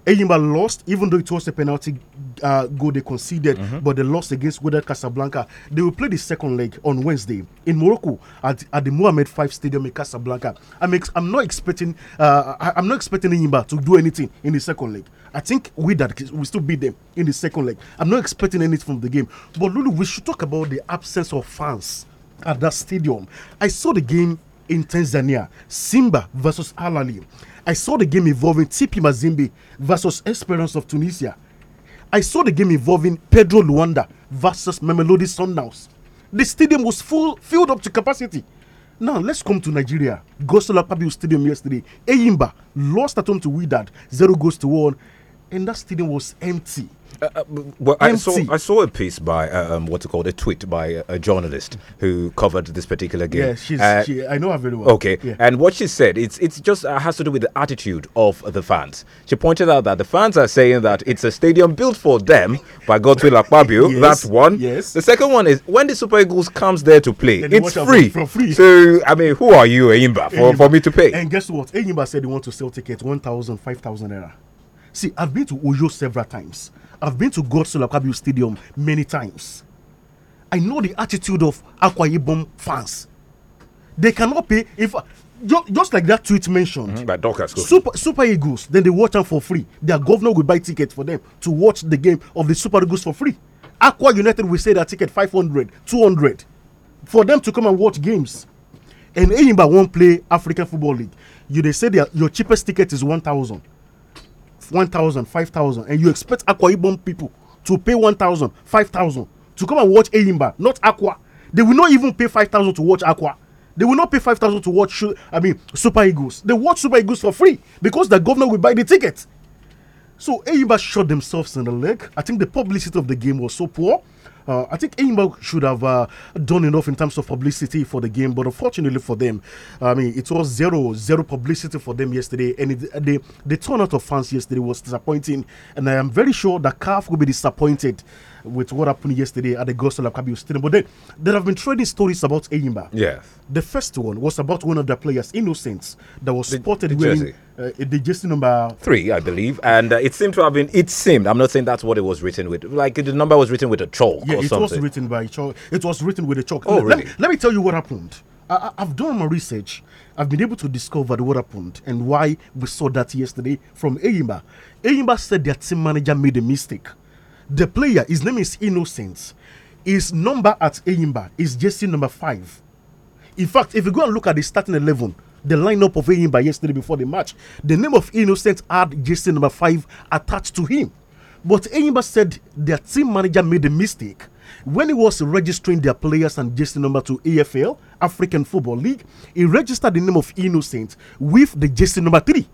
Eyimba lost, even though it was a penalty uh, goal they conceded, mm -hmm. but they lost against Wydad Casablanca. They will play the second leg on Wednesday in Morocco at, at the Mohamed V Stadium in Casablanca. I'm, I'm not expecting uh, I, am not expecting Eyimba to do anything in the second leg. I think Wydad will still beat them in the second leg. I'm not expecting anything from the game, but Lulu, we should talk about the absence of fans at that stadium. I saw the game in Tanzania, Simba versus Alali. I saw the game involving TP Mazembe versus Esperance of Tunisia. I saw the game involving Pedro Luanda versus Mamelodi Sundowns. The stadium was full, filled up to capacity. Now let's come to Nigeria. Gosolo Pabiu Stadium yesterday. Eyimba lost at home to Widad, zero goes to one, and that stadium was empty. Uh, uh, well, I saw, I saw a piece by uh, um, what's it called a tweet by a, journalist who covered this particular game. Yeah, she's. Uh, she, I know her very well. Okay, yeah. and what she said it's it's just uh, has to do with the attitude of the fans. She pointed out that the fans are saying that it's a stadium built for them by Godwin Akpabio. yes, that's one. Yes. The second one is when the Super Eagles comes there to play, then it's free. For free. So I mean, who are you, Aimba, for, for me to pay? And guess what? Aimba said he wants to sell tickets 1,000, 5,000 naira. See, I've been to Oyo several times I've been to Godswill Akabiu Stadium many times. I know the attitude of Akwa Ibom fans. They cannot pay. If just like that tweet mentioned, mm -hmm. by Dorcas, Super, Super Eagles, then they watch them for free. Their governor will buy tickets for them to watch the game of the Super Eagles for free. Aqua United will say that ticket 500, 200 for them to come and watch games. And Enyimba won't play African Football League. You they say their, your cheapest ticket is 1,000. 1,000, 5,000, and you expect Akwa Ibom people to pay 1,000, 5,000 to come and watch Eyimba, not Aqua. They will not even pay 5,000 to watch Aqua. They will not pay 5,000 to watch, I mean, Super Eagles. They watch Super Eagles for free because the governor will buy the ticket. So Eyimba shot themselves in the leg. I think the publicity of the game was so poor. Uh, I think Einbach should have uh, done enough in terms of publicity for the game, but unfortunately for them, I mean, it was zero, zero publicity for them yesterday, and it, uh, the, the turnout of fans yesterday was disappointing. And I am very sure that CAF will be disappointed with what happened yesterday at the Gospel of Kabul Stadium. But then there have been trading stories about Eyimba. Yes. The first one was about one of the players, Innocent, that was the, spotted the wearing jersey. Uh, the jersey number three, I believe, and uh, it seemed to have been. It seemed. I'm not saying that's what it was written with. Like the number was written with a chalk. Yeah, it something. was written by chalk. It was written with a chalk. Oh, let, really? Let, let me tell you what happened. I, have done my research. I've been able to discover what happened and why we saw that yesterday from Eyimba. Eyimba said their team manager made a mistake the player, his name is Innocent. His number at Eyimba is JC number five. In fact, if you go and look at the starting 11, the lineup of Eyimba yesterday before the match, the name of Innocent had JC number five attached to him. But Eyimba said their team manager made a mistake when he was registering their players and jersey number to AFL, African Football League. He registered the name of Innocent with the jersey number three.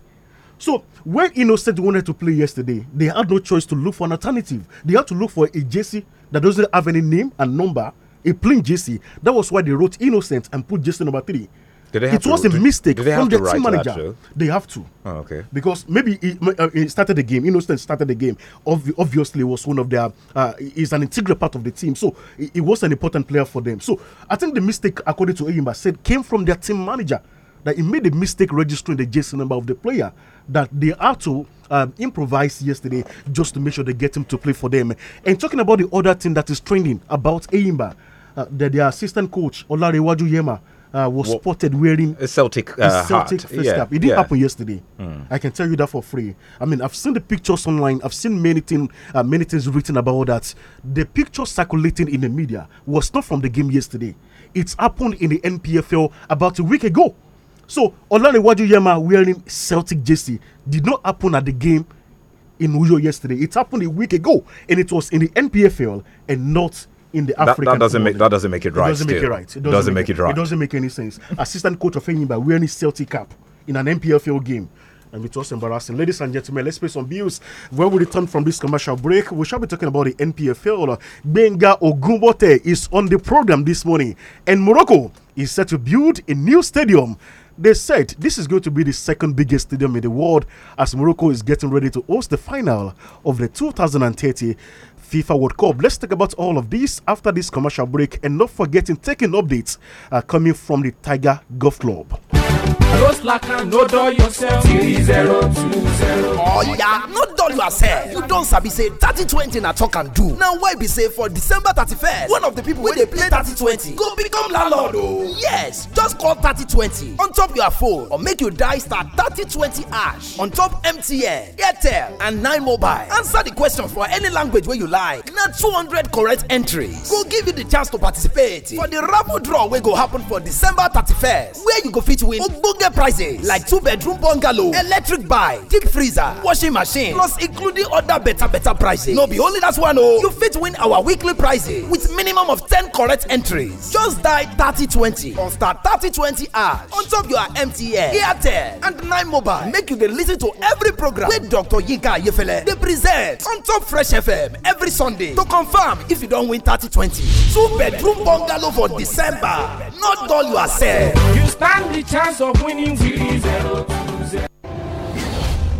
So when Innocent wanted to play yesterday, they had no choice to look for an alternative. They had to look for a JC that doesn't have any name and number, a plain JC. That was why they wrote Innocent and put JC number three. it was a mistake from the team manager. They have to. Oh, okay. Because maybe he, uh, he, started the game. Innocent started the game. Ob obviously, was one of their. Uh, is an integral part of the team, so it, it was an important player for them. So I think the mistake, according to Eyimba said, came from their team manager that he made a mistake registering the jersey number of the player that they had to um, improvise yesterday just to make sure they get him to play for them. And talking about the other thing that is trending about Aimba, uh, that their assistant coach Olarewaju Yema. Uh, was spotted wearing a Celtic, uh, Celtic face yeah, cap. It didn't yeah. happen yesterday. Mm. I can tell you that for free. I mean, I've seen the pictures online. I've seen many things, uh, many things written about that. The picture circulating in the media was not from the game yesterday. It's happened in the NPFL about a week ago. So Olaniwaju Yema wearing Celtic jersey did not happen at the game in Uyo yesterday. It happened a week ago, and it was in the NPFL and not in the African. That, doesn't make that doesn't make it right. It doesn't still. make it right. It doesn't, doesn't make, make, it right. It doesn't make any sense. Assistant coach of Enyimba wearing his Celtic cap in an NPFL game. And it was embarrassing. Ladies and gentlemen, let's pay some bills. When we return from this commercial break, we shall be talking about the NPFL. Benga Ogumbote is on the program this morning. And Morocco is set to build a new stadium they said this is going to be the second biggest stadium in the world as Morocco is getting ready to host the final of the 2030 FIFA World Cup. Let's talk about all of this after this commercial break and not forgetting taking updates uh, coming from the Tiger Golf Club. No slack and no dull yourself. Three zero two zero. Oh yeah, no dull yourself. You don sabi say thirty twenty na talk and do. Now why be say for December thirty first, one of the people wey they play thirty twenty go become landlord o. Oh. Yes, just call thirty twenty on top your phone or make you die star thirty twenty ash on top MTN, Airtel and Nine mobile. Answer the question for any language where you like. july na two hundred correct entries go give you the chance to participate for the raffle draw wey go happen for december thirty-first where you go fit win ogbonge prizes like two bedroom bungalow electric bike deep freezer washing machine plus including other better better prizes no be only that one o oh. you fit win our weekly prizes with minimum of ten correct entries just die thirty twenty or start thirty twenty hours on top your mtn airtel and nine mobile make you dey lis ten to every program wey dr yinka ayefele dey present on top fresh fm every every sunday to confirm if you don win thirty twenty two bedroom bungalow for december no dull yourself. you stand the chance of winning three zero two zero.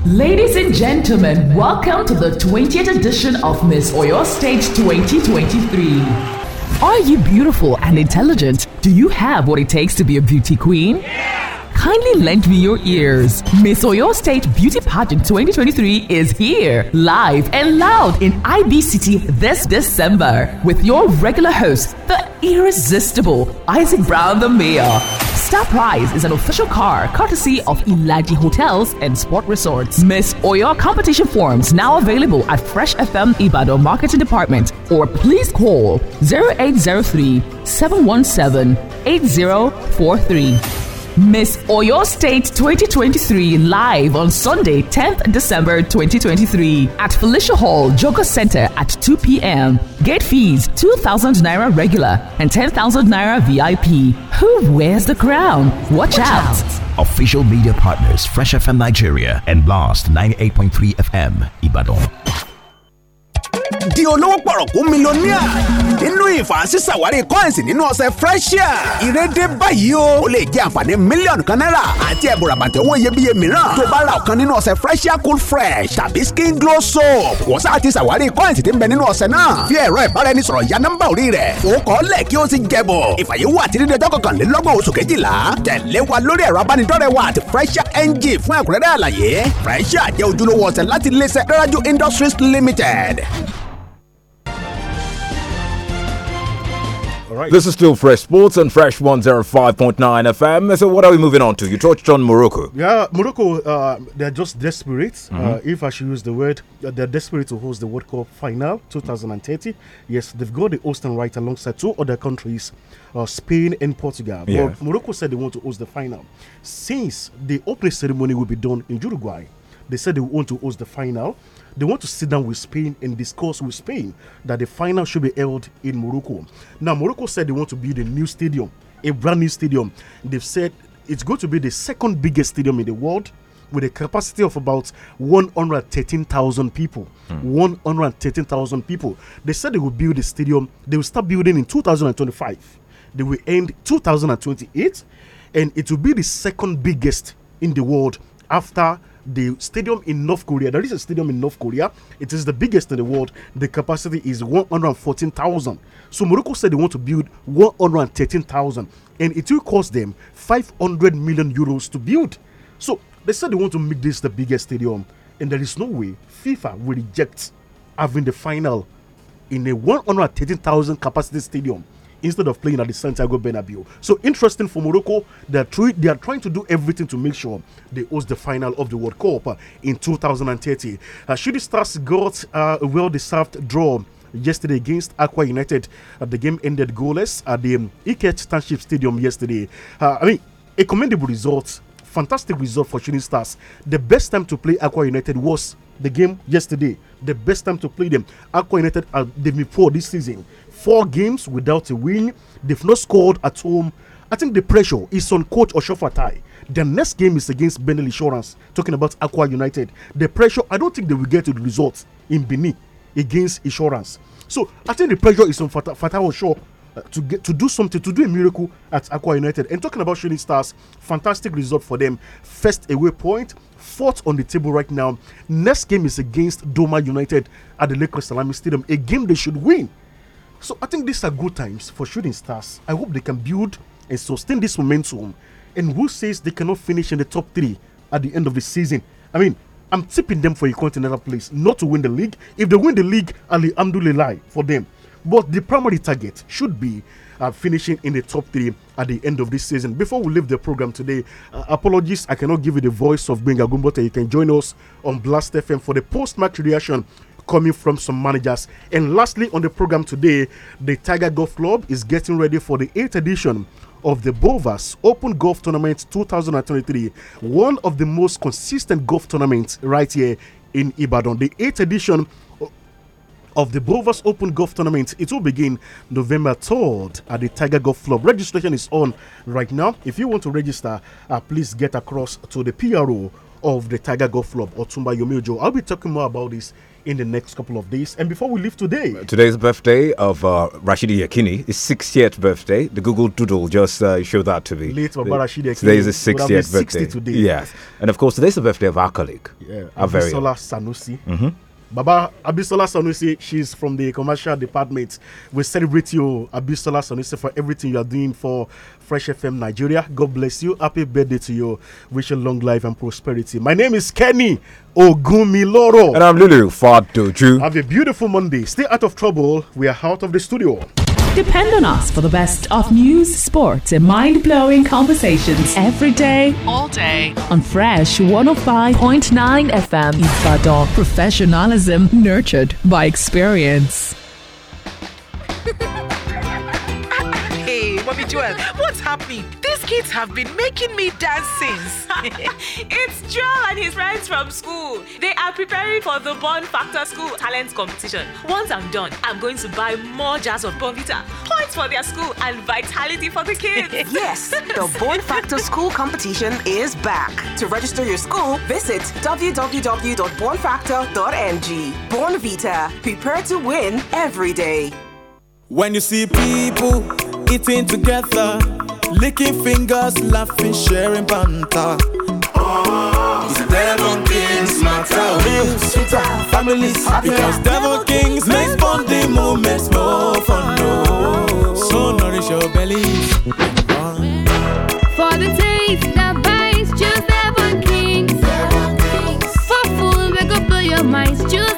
Ladies and gentlemen, welcome to the 20th edition of Miss Oyo State 2023. Are you beautiful and intelligent? Do you have what it takes to be a beauty queen? Yeah! kindly lend me your ears. Miss Oyo State Beauty Pageant 2023 is here, live and loud in IB City this December with your regular host, the irresistible Isaac Brown, the mayor. Star Prize is an official car courtesy of Ilaji Hotels and Sport Resorts. Miss Oyo competition forms now available at Fresh FM Ibado Marketing Department or please call 0803 717 8043. Miss Oyo State 2023 live on Sunday, 10th December 2023 at Felicia Hall, Joker Center at 2 p.m. Gate fees 2,000 naira regular and 10,000 naira VIP. Who wears the crown? Watch, Watch out. out. Official media partners Fresh FM Nigeria and Blast 98.3 FM Ibadan. di olówó pọ̀rọ̀kú mílíọ̀nìà nínú ìfàṣìṣàwárí coins nínú ọ̀sẹ̀ freshia ìrèdè báyìí o ó lè jẹ́ àǹfààní mílíọ̀nù kan náírà àti ẹ̀bùn ràbàtẹ̀ owó iyebíye mìíràn tó bá ra ọ̀kan nínú ọ̀sẹ̀ freshia cool fresh tàbí skin glow soap wọ́n sá àti ṣàwárí coins ti ń bẹ nínú ọ̀sẹ̀ náà fi ẹ̀rọ ìbáraẹnisọ̀rọ̀ ya nọ́mbà orí rẹ̀ fòókọ́ lẹ̀ kí ó ti jẹ̀bọ̀ ìfàyẹ̀wò àti dídé ọjọ́ kọkànlélọ́gbọ̀n oṣù kejìlá tẹ̀lé wa lórí ẹ̀rọ abánidọ́rẹ̀ wa freshia ng fún ẹ̀kúnrẹ́rẹ́ àlàyé freshia jẹ́ ojúlówó ọ̀sẹ̀ Limited. right. This is still Fresh Sports and Fresh 105.9 FM. So, what are we moving on to? You touched on Morocco. Yeah, Morocco, uh, they're just desperate, mm -hmm. uh, if I should use the word, uh, they're desperate to host the World Cup final 2030. Yes, they've got the hosting right alongside two other countries, uh, Spain and Portugal. Yeah. But Morocco said they want to host the final. Since the opening ceremony will be done in Uruguay, they said they want to host the final. They want to sit down with Spain and discuss with Spain that the final should be held in Morocco. Now, Morocco said they want to build a new stadium, a brand new stadium. They've said it's going to be the second biggest stadium in the world with a capacity of about 113,000 people. Hmm. 113,000 people. They said they will build a stadium. They will start building in 2025. They will end 2028, and it will be the second biggest in the world after the stadium in North Korea. There is a stadium in North Korea. It is the biggest in the world. The capacity is 114,000. So Morocco said they want to build 113,000 and it will cost them 500 million euros to build. So they said they want to make this the biggest stadium and there is no way FIFA will reject having the final in a 113,000 capacity stadium instead of playing at the Santiago Bernabeu. So interesting for Morocco. They are, they are trying to do everything to make sure they host the final of the World Cup uh, in 2030. Uh, Shooting Stars got uh, a well-deserved draw yesterday against Aqua United. Uh, the game ended goalless at the um, Iket Township Stadium yesterday. Uh, I mean, a commendable result. Fantastic result for Shooting Stars. The best time to play Aqua United was the game yesterday. The best time to play them. Aqua United, uh, they've been poor this season four games without a win. They've not scored at home. I think the pressure is on coach Oshofatai. The next game is against Benel Insurance, talking about Aqua United. The pressure, I don't think they will get to the result in Benin against Insurance. So I think the pressure is on Fatah Osho uh, to get to do something, to do a miracle at Aqua United. And talking about Shooting Stars, fantastic result for them. First away point, fourth on the table right now. Next game is against Doma United at the Lake Salami Stadium, a game they should win so I think these are good times for shooting stars. I hope they can build and sustain this momentum. And who says they cannot finish in the top three at the end of the season? I mean, I'm tipping them for a continental place, not to win the league. If they win the league, lie for them. But the primary target should be uh, finishing in the top three at the end of this season. Before we leave the program today, uh, apologies, I cannot give you the voice of Benga Gumbote. You can join us on Blast FM for the post match reaction coming from some managers. And lastly, on the program today, the Tiger Golf Club is getting ready for the 8th edition of the Bovas Open Golf Tournament 2023, one of the most consistent golf tournaments right here in Ibadan. The 8th edition of the Bovas Open Golf Tournament. It will begin November 3rd at the Tiger Golf Club. Registration is on right now. If you want to register, uh, please get across to the PRO of the Tiger Golf Club, Otumba Yomiojo. I'll be talking more about this in the next couple of days. And before we leave today, uh, today's birthday of uh, Rashidi Yakini, is 60th birthday. The Google Doodle just uh, showed that to me. Late Baba Rashidi Yakini. Today is his 60th birthday. today. Yes. And of course, today's the birthday of our colleague. Yeah. Our very Sanusi. Mm -hmm. Baba Abisola Sanusi, she's from the commercial department. We celebrate you, Abisola Sanusi, for everything you are doing for Fresh FM Nigeria. God bless you. Happy birthday to you. Wish you long life and prosperity. My name is Kenny Ogumiloro. And I'm Lulu Fatuju. Have a beautiful Monday. Stay out of trouble. We are out of the studio. Depend on us for the best of news, sports, and mind blowing conversations every day, all day on Fresh 105.9 FM Ibadan. Professionalism nurtured by experience. hey, Mommy Joel, what's happening? These kids have been making me dance since. it's Joel and his friends from school. They are preparing for the Born Factor School Talent Competition. Once I'm done, I'm going to buy more jars of Born Guitar, points for their school, and vitality for the kids. yes, the Born Factor School Competition is back. To register your school, visit www.bornfactor.ng. Born Vita. Prepare to win every day. When you see people eating together, licking fingers, laughing, sharing banter. Oh, these devil kings matter. Real families. Happy because devil kings make bonding moments more fun. No. So nourish your belly. For the taste that binds, choose devil kings. Devil kings. For food, make up your minds, choose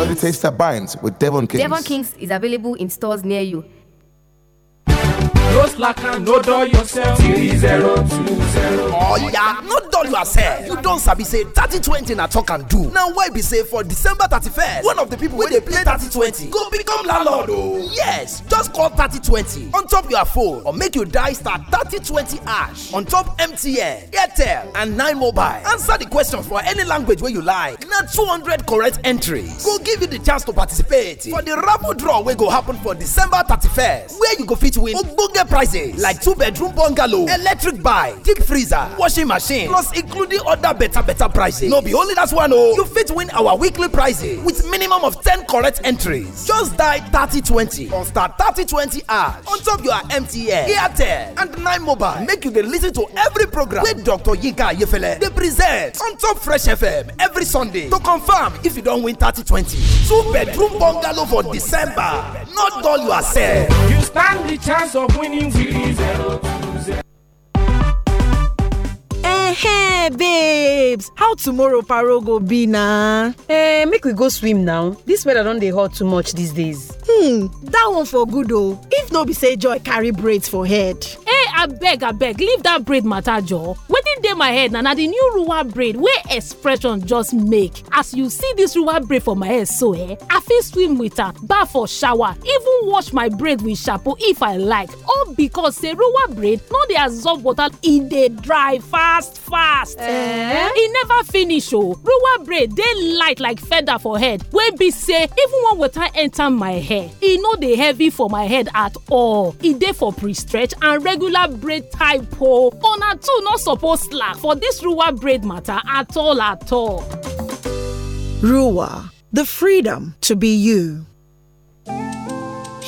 already tasted binds with Devon Kings. Devon Kings is available in stores near you. No slacker, no door yourself. Three zero two zero. Oh yeah, no sure you are set you don't sabi say thirty twenty na talk and do Now why be say for december thirty first one of the people wey dey play thirty twenty go become landlord o oh. yes just call thirty twenty on top your phone or make you die star thirty twenty ash on top mtn airtel and nine mobile answer the question for any language wey you like na two hundred correct entries go give you the chance to participate for the raffle draw wey go happen for december thirty first where you go fit win ogbonge prizes like two bedroom bungalow electric bike deep freezer washing machine plus including other better better prizes. No be only that one Oh, You fit win our weekly prizes with minimum of ten correct entries. Just die thirty twenty on star thirty twenty ash on top you your MTN, Airtel and Nine Mobile. Make you the listen to every program With Dr. Yinka Yefele, they present on top Fresh FM every Sunday to confirm if you don't win thirty twenty. Two bedroom bungalow for December. Not dull yourself. You stand the chance of winning 3-0. Hey babes how tomorrow paro go be na eh make we go swim now This weather don dey hot too much these days hmm that one for good o if no be say joy carry braids for head eh abeg abeg leave that braid mata joor wetin dey my head na na the new ruwa braid wey expression just make as you see this ruwa braid for my head so eh i fit swim with am baff or shower even wash my braid with shampoo if i like all because say ruwa braid no dey absorb water e dey dry fast fast eh? he e never finish o oh. ruwa braid dey light like feather for head wey be say even when water enter my hair e no dey heavy for my head at all e dey for pre-stretch and regular braid type o oh. una too no suppose slack for this ruwa braid matter at all at all. Ruwa, the freedom to be you.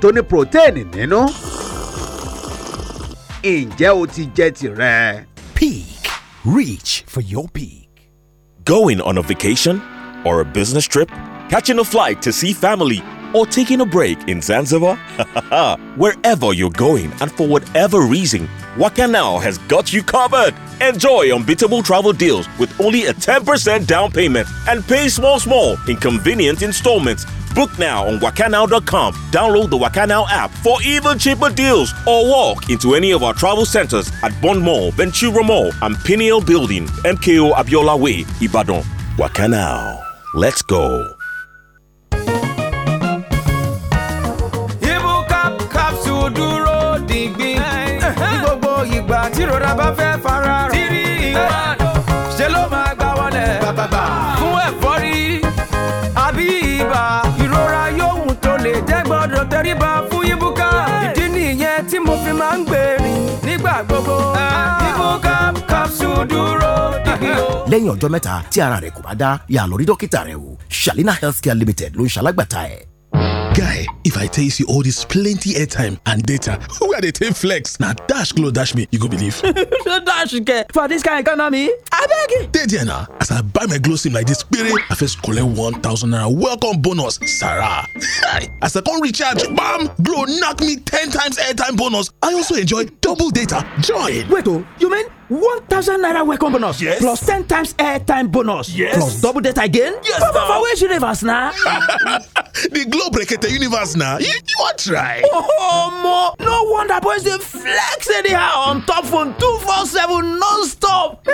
tó ní protein nínú. ǹjẹ́ o ti jẹ tirẹ̀? Peak. Reach for your peak. Going on a vacation or a business trip, catching a flight to see family, or taking a break in Zanzibar? Wherever you're going and for whatever reason, Waka Now has got you covered. Enjoy unbeatable travel deals with only a 10% down payment and pay small, small in convenient installments Book now on wakanow.com. Download the Wakanow app for even cheaper deals or walk into any of our travel centers at Bond Mall, Ventura Mall, and Pineal Building, MKO Abiola Way, Ibadan. Wakanow. Let's go. Eh, eh. ìgbà tí rọra bá fẹ́ fara ìwà gbogbo. ibo cap capsule dúró dìbì o. lẹ́yìn ọjọ́ mẹ́ta tí ara rẹ̀ kò bá dá yà lọ dókítà rẹ̀ o Shalina Healthcare Limited ló ń ṣalágbàtà ẹ̀ guy if i tell you see all this, plenty airtime and data Who are they take flex Now, dash glow dash me you go believe no dash get for dis kain economy I beg you. there na as i buy my glow sim like this, kpere i first collect one thousand naira welcome bonus sarah as i come recharge bam glow knock me ten times airtime bonus i also enjoy double data join wait oh, you mean one thousand naira welcome bonus yes. plus ten times airtime bonus yes. plus double data again. Yes, Papa, now. which universe now? the globe rekete universe now. You, you want try? Oh, mo! No wonder boys dey flex anyhow on top phone two four seven non-stop. Hey,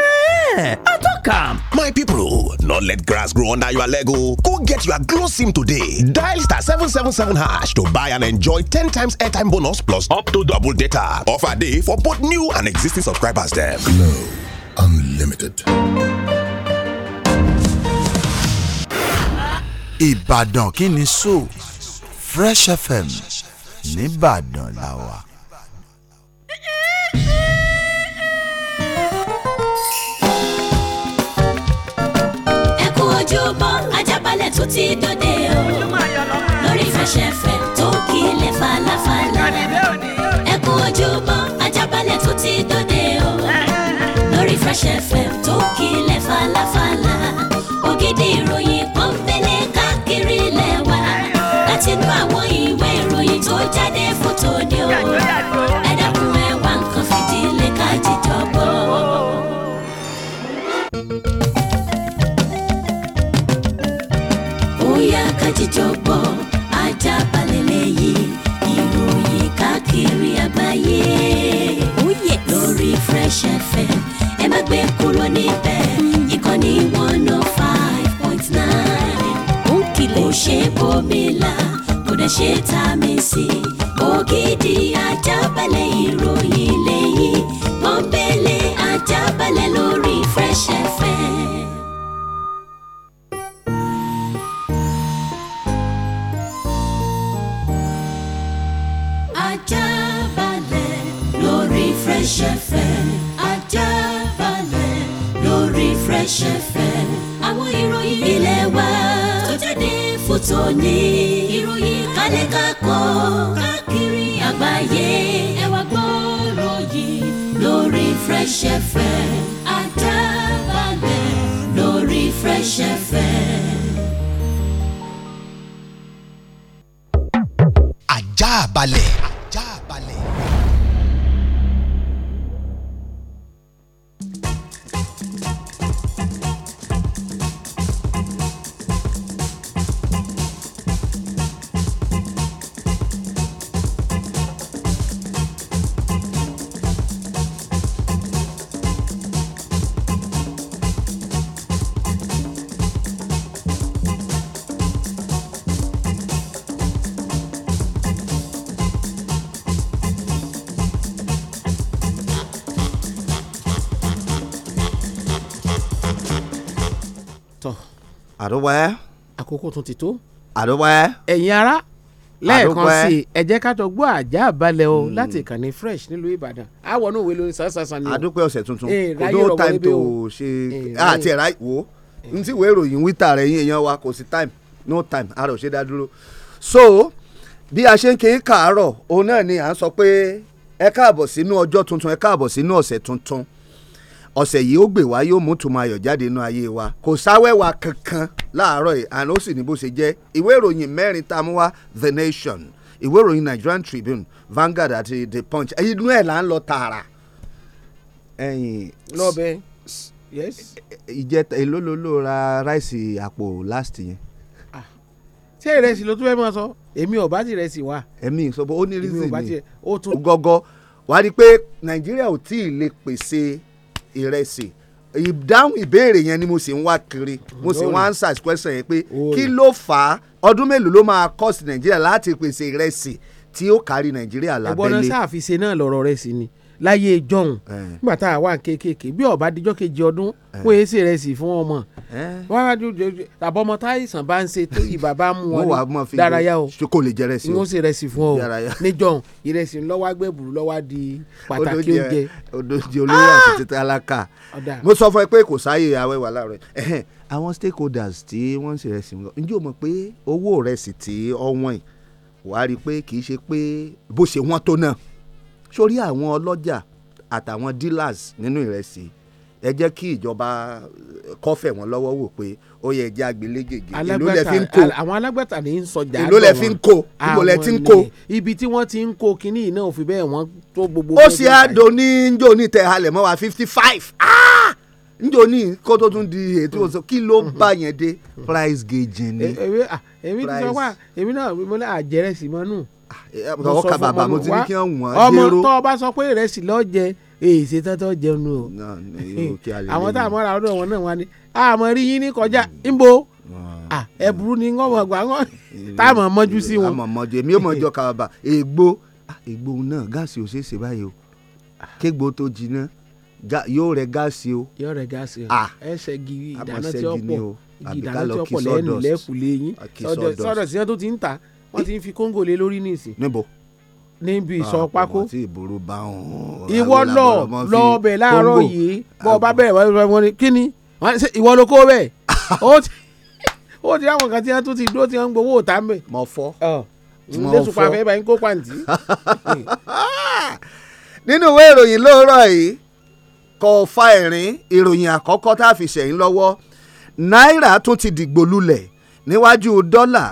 eh, I talk am. My people, not let grass grow under your leg o. Oh. Go get your glow sim today. Dial star seven seven seven hash to buy and enjoy ten times airtime bonus plus up to double data. Offer dey for both new and existing subscribers dem. Glow Unlimited. Ìbàdàn kí ni so Fresh FM nìbàdàn la wà. Ẹ kú ojúmọ́ Ajábalẹ̀ tó ti dòde o lórí Fresh FM tó kílẹ̀ falafala ẹ kú Ajábalẹ̀ tó ti dòde. Fresh FM tó kílẹ̀ falafala ògidì ìròyìn kan fẹ́lẹ̀ káàkiri lẹ́wà láti inú àwọn ìwé ìròyìn tó jáde fótó ni o ẹ dákun ẹ wá nǹkan fìdílé ká jíjọ gbọ́. bóyá ká jíjọ gbọ́ ajá balẹ̀ lẹ́yìn ìròyìn káàkiri àgbáyé oh lórí Fresh FM ẹ má gbé kúrò níbẹ̀ ìkànnì one oh five point nine. ó kìlẹ̀ kò ṣe bòmílà kò tá a mi sí. ògidì ajábalẹ̀ ìròyìn lẹ́yìn pọ́npẹ́lẹ́ ajábalẹ̀ lórí fresh air. ìròyìn ilé wa tó jáde fún tòní ìròyìn kálẹ̀ kákọ́ káàkiri àgbáyé ẹ wá gbọ́rọ̀ yìí lórí Fresh FM Àdábàgbẹ̀ lórí Fresh FM. àjà balẹ̀. àdúpẹ́. àkókò tún ti tó. àdúpẹ́. ẹ̀yin ará lẹ́ẹ̀kan sí i ẹ jẹ́ ká tó gbọ́ àjà balẹ̀ o hmm. láti ìkànnì fresh nílùú ìbàdàn àwọn inú ìwé lórí sàṣàṣà ni o. àdúpẹ́ ọ̀sẹ̀ tuntun kò tó time to ṣe ah, àti ẹ̀rá wo n tí ìwé ìròyìn wíta rẹ̀ yín èèyàn wa kò sí time no time ara ṣe dá dúró. so bí a ṣe ń kéé kàárọ̀ òun náà ni à ń sọ pé ẹ káàbọ̀ sínú ọjọ́ tuntun ẹ káàbọ̀ sínú ọ̀sẹ̀ tuntun ọ̀sẹ̀ yìí ó gbè wá yóò mú tùmọ̀ ayọ̀ jáde wa kò sáwẹ́wà kankan láàárọ̀ yìí àná ó sì ní bó ṣe jẹ́ ìwé ìròyìn The Nation ìwé ìròyìn Nigerian Tribune Vanguard àti The Punch ẹ̀yin inú ẹ̀ là ń lọ tààrà. ẹyin lọ́bẹ̀ yes. ìjẹta èló ló ló ra ráìsì àpò last yẹn. Ah. ṣé ìrẹsì ló tún fẹ́ mọ́ sọ èmi ò bá ti rẹ̀ sí wa. èmi sọ bó ó ní reason ni ó tún. gọ́gọ́ wàá rí i pé Nàìjíríà ò tí ì lè pèsè ìrẹsì ìdáhùn ìbéèrè yẹn ni mo sì ń wá kiri mo sì ń wá answer question yẹn pé kí ló fà á ọdún mélòó ló máa cost Nàìjíríà láti pèsè ìrẹsì tí ó kárí Nàìjíríà lábẹ́lé. ẹ̀gbọ́n náà sáà fi ṣe náà lọ́rọ̀ rẹ̀ sí ni láyé ìjọhún nígbà tá a wà kéékèèké bí ọba adijọ́ kejì ọdún wọ́n èsì rẹ̀ sì fún ọmọ àbọ̀mọ táìsàn bá ń ṣe tó ìbá bá mú wọn dárayá o kò lè jẹ rẹsì o ìwọ́n sì rẹsì fún ọ níjọhún ìrẹsì lọ́wọ́ agbẹ́bùrú lọ́wọ́ di pàtàkì oúnjẹ. odòjì olówó àti ah! tètè alákà mo sọ fún ẹ pé kò sáàyè awẹ́wà láàárọ̀ àwọn stakeholders tí wọ́n ń ṣe rẹsì ǹjẹ́ o mọ̀ pé owó rẹsì tí ọ̀wọ́n yìí wàá rí i pé kì í ṣe pé bó ṣe wọ́n tó náà sórí àwọn ọlọ́jà àtàwọn dealers nínú ìrẹsì ẹ jẹ́ kí ìjọba eh, kọ́fẹ̀ wọn lọ́wọ́ wò pé ó yẹ jẹ́ àgbélégègè ìlú lẹ fi ń kó àwọn alágbàtà ní ń sọjà lọ́wọ́ ìlú lẹ fi ń kó ìbò lẹ ti ń kó. ibi tí wọ́n ti ń kó kínní yìí náà òfin bẹ́ẹ̀ wọ́n tó gbogbo. ó ṣe àdó ní njó ní tẹ halẹ̀ mọ́ wa fifty five njó ah! ní kó tó tún di ètò òsàn hmm. kí ló bá yẹn dé hmm. price gauge ni. Eh, eh, ah, èmi ti sọ wá èmi náà mo ní àjẹrẹsì mọ́nù Ah, ọkà bàbà mo ti ní kí wọ́n wọ́n dérò. ọmọ tó o bá sọ pé ìrẹsì lọ́ọ́ èsì tọ́tọ́ jẹun o àwọn tá a mọ́ra ọdún wọn náà wá ní àmọ́ rí yín ní kọjá hmm. ńbo ah, ẹ̀bùrú ni wọ́n mọ̀ gbà hmm. tá a mọ̀ mọ́jú sí wọn. àmọ̀ mọ́jú èmi ò mọ̀ jọ kàbàbà ègbó ègbó ah, náà gáàsì ò ṣeé ṣe báyìí o kégbó tó jiná yóò rẹ gáàsì o. yóò rẹ gáàsì o ẹsẹ̀ gírí ìdáná tí ó pọ̀ ìdáná tí ó pọ̀ lẹ́nu yín sọ̀dọ̀ sí ẹ tó ti ń ta wọ́n ti ń fi kóńgò lé lórí nìsín. níbo níbi ah, ìsọ pákó ìwọ lọ lọ ọbẹ láàárọ̀ yìí ah, bọ ọba bẹ̀rẹ̀ wọn wọn ni kí ni ìwọ ló kó bẹ́ẹ̀ ó ti àwọn kan tí wọn tún ti dúró tí wọn ń gbowó òtá mbẹ. mọ fọ mọ fọ lẹsùn pàfẹ́ báyìí kó pàǹtí. nínú ìwé ìròyìn lóòrọ̀ yìí kò fa ẹ̀rín ìròyìn àkọ́kọ́ tá a fi ṣẹ̀yìn lọ́wọ́ náírà tún ti dìgbò lulẹ̀ níwájú dọ́là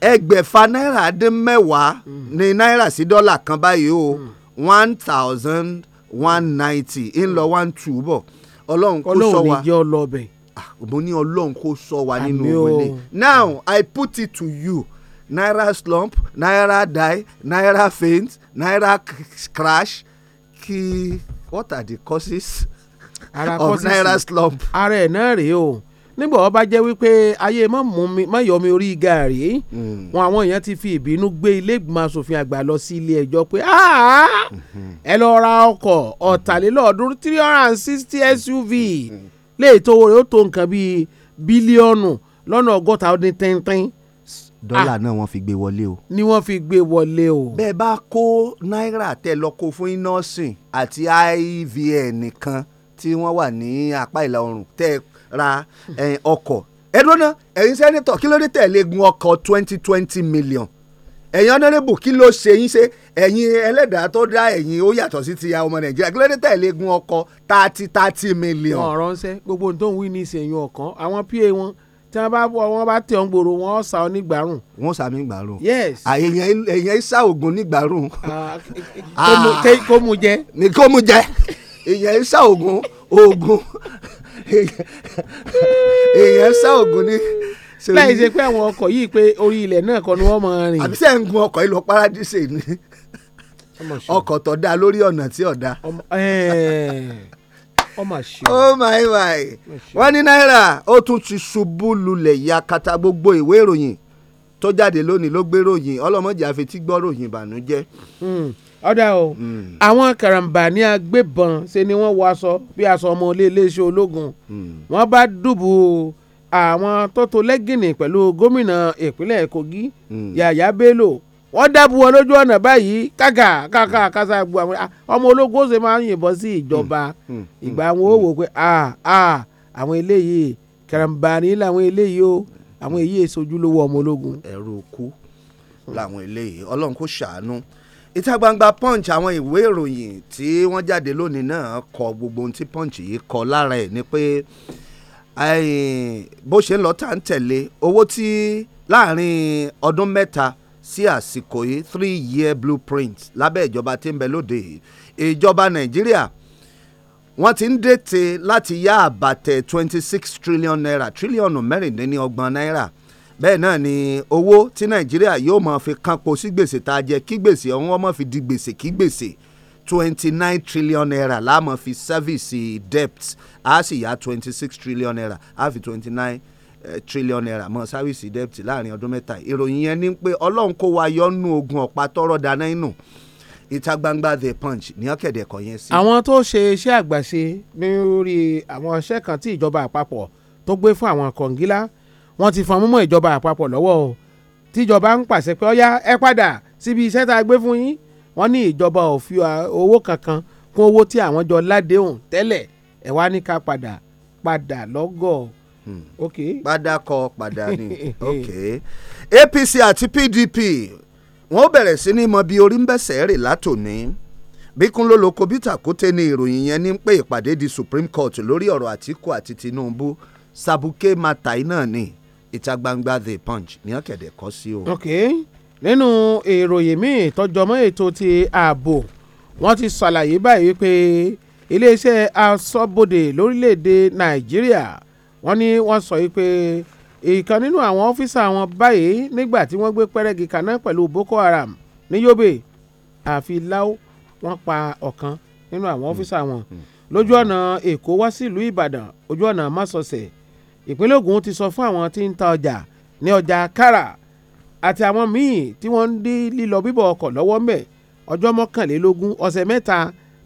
ẹgbẹ̀fà náírà dín mẹ́wàá ní náírà sí dọ́là kan báyìí o one thousand one ninety in lọ one two bọ̀ ọlọ́run kó sọ wa ọlọ́run ah, ní ọlọ́run kó sọ wa nínú òwe now i put it to you naira slump naira die naira faint naira crash kí what are the causes of naira slump. ara ẹ̀ náà rèé o nígbà wọn bá jẹ́ wípé ayé mọ̀yọ́mi orí gàárì hmm. wọn àwọn èèyàn ti fi ìbínú gbé ilé ìgbìmọ̀ asòfin àgbà lọ sí ilé ẹjọ́ pé ẹ lọ ra ọkọ̀ ọ̀tàlélọ́ọ̀ọ́dúnrún three hundred and sixty SUV lè tó owó rẹ̀ ó tó nǹkan bíi bílíọ̀nù lọ́nà ọgọ́ta ó dín tíntín dọ́là ah. náà wọ́n fi gbé wọlé o. ni wọ́n fi gbé wọlé o. bẹ́ẹ̀ bá kó náírà tẹ lọ kó fún inọ́sìn àti ivn nìkan tí wọ́n wà ní apá ìlà oòrùn tẹ ra ọkọ̀ ẹdúnà ẹ̀yin sẹ́nitọ̀ kí ló dé tẹ̀lé gun ọkọ̀ twenty twenty million ẹ̀yin ọ̀nàrẹ́bù kí ló ṣe yín ṣe ẹ̀yin ẹlẹ́dàá tó dá ẹ̀yin ó yàtọ̀ sí ti ọmọ nàìjíríà kí ló dé tẹ̀lé gun ọkọ̀ thirty thirty million. ọ̀rọ̀ ń sẹ́ gbogbo ohun tó ń wí ní ìsẹ̀yìn ọ̀kan àwọn pa wọn tí wọn bá wọn bá tẹ ọ ń gbòòrò wọn sá ọ nígbàrún. wọn sá mi gbàrún. yes. èèyàn èèyàn sá oògùn nígbàrún. Ah, ah. kó mu jẹ. ní kó mu jẹ èèyàn sá ogun ogun. èèyàn sá ní. láì ṣe pé àwọn ọkọ̀ yìí pé orí ilẹ̀ náà kọ́ ni wọ́n máa rìn. àbí ń gun ọkọ̀ yìí lọ paradíṣe ni ọkọ̀ tó dá lórí ọ̀nà tí ò dá. Oh wọ́n ní náírà ó tún ti ṣubú lulẹ̀ gbogbo ìwé ìròyìn tó jáde lónìí ló gbé ròyìn ọlọ́mọdé àfetí gbọ́ ròyìn ìbànújẹ́. Hmm. ọ̀dà o hmm. àwọn karambani agbébọn ṣe ni wọ́n wọ aṣọ bí aṣọ ọmọ ilé iléeṣẹ́ ológun hmm. wọ́n bá dùbò àwọn tó to lẹ́gìnì pẹ̀lú gómìnà ìpínlẹ̀ Kogi hmm. Yàyà Bello wọ́n dábò wọn lójú ọ̀nà báyìí kága kága kásá gbu àwọn ọmọ ológun ṣe máa ń yìnbọn sí ìjọba ìgbà àwọn ò wò pé àwọn eléyìí karambani làwọn eléyìí o àwọn èyí èso ojúlówó ọmọ ológun. ẹ̀rù kú làwọn eléyìí ọlọ́run kò ṣàánú ìta gbangba punch àwọn ìwé ìròyìn tí wọ́n jáde lónìí náà kọ gbogbo ohun tí punch yìí kọ lára ẹ̀ ni pé bó ṣe ń lọ tá à ń tẹ̀lé owó tí láàrin ọdún mẹ́ta sí àsìkò yìí three year blueprint lábẹ́ ìjọba tí ń bẹ lóde ìjọba nàìjíríà wọ́n ti ń dètè láti yá àbàtẹ̀ twenty six trillion naira tírílíọ̀nù mẹ́rìndínlọ́gbọ̀n naira bẹ́ẹ̀ náà ni owó tí nàìjíríà yóò máa fi kanko sí gbèsè tá a jẹ kí gbèsè ọ̀hún ọmọ fi di gbèsè kí gbèsè twenty nine trillion naira láàmú fi sẹ́fíìsì debt a sì yá twenty six trillion naira a fi twenty nine eh, trillion naira mọ́ sẹ́fíìsì debt láàrin ọdún mẹ́ta ìròyìn yẹn ni pé ọlọ́run kó wa yọ nù ogun ọ̀pá tọrọ dáná inú ìta gbangba the punch ní ọ̀kẹ́dẹ̀ kọ̀ yẹn sí. àwọn tó ṣe iṣẹ́ àgbàṣe lórí àwọn iṣẹ́ kan tí ìjọba àpapọ̀ tó gbé fún àwọn kọ̀ǹgílá wọ́n ti fọn mímọ́ ìjọba àpapọ̀ lọ́wọ́ o tíjọba ń pàṣẹ pé ọ̀yá ẹ padà síbi iṣẹ́ tá a gbé fún yín wọ́n ní ìjọba ò fi owó kankan kún owó tí àwọn jọ ládéhùn tẹ́lẹ̀ ẹ̀ wá ní ká padà padà lọ́gọ̀ọ́ hmm. okay. padà kọ padà ni okay. apc àti pdp wọ́n bẹ̀rẹ̀ sí ní mọ bí orí ń bẹ̀sẹ̀ rè látòní bíkún ló lo kọbítà kúté ní ìròyìn yẹn ní pé ìpàdé di supreme court lórí ọ̀rọ̀ àtìkù àti tinubu sabuke matai náà ni ìta gbangba the punch ní ọ̀kẹ́dẹ̀ kọ́ sí o. ok nínú ìròyìn míì tọjọmọ ètò ti ààbò wọ́n ti ṣàlàyé báyìí wípé iléeṣẹ́ aṣọ́bodè lórílẹ̀‐èdè nàìjíríà wọ́n ní wọ́n sọ wípé ìkan nínú àwọn ọ́fíìsà wọn báyìí nígbà tí wọ́n gbé pẹ́rẹ́gì kaná pẹ̀lú boko haram ní yobe àfi láó wọ́n pa ọ̀kan nínú àwọn ọ́fíìsà wọn hmm, hmm. lójú ọ̀nà èkó wá sílùú ìbàdàn ojú ọ̀nà másọ̀sẹ̀ ìpínlẹ̀ Ògùn ti sọ fún àwọn tí ń ta ọjà ní ọjà kára àti àwọn míì tí wọ́n ń dí lílọ bíbọ̀ ọkọ̀ lọ́wọ́ ńbẹ̀ ọjọ́ mọ́kànlélógún ọ̀sẹ̀ mẹ́ta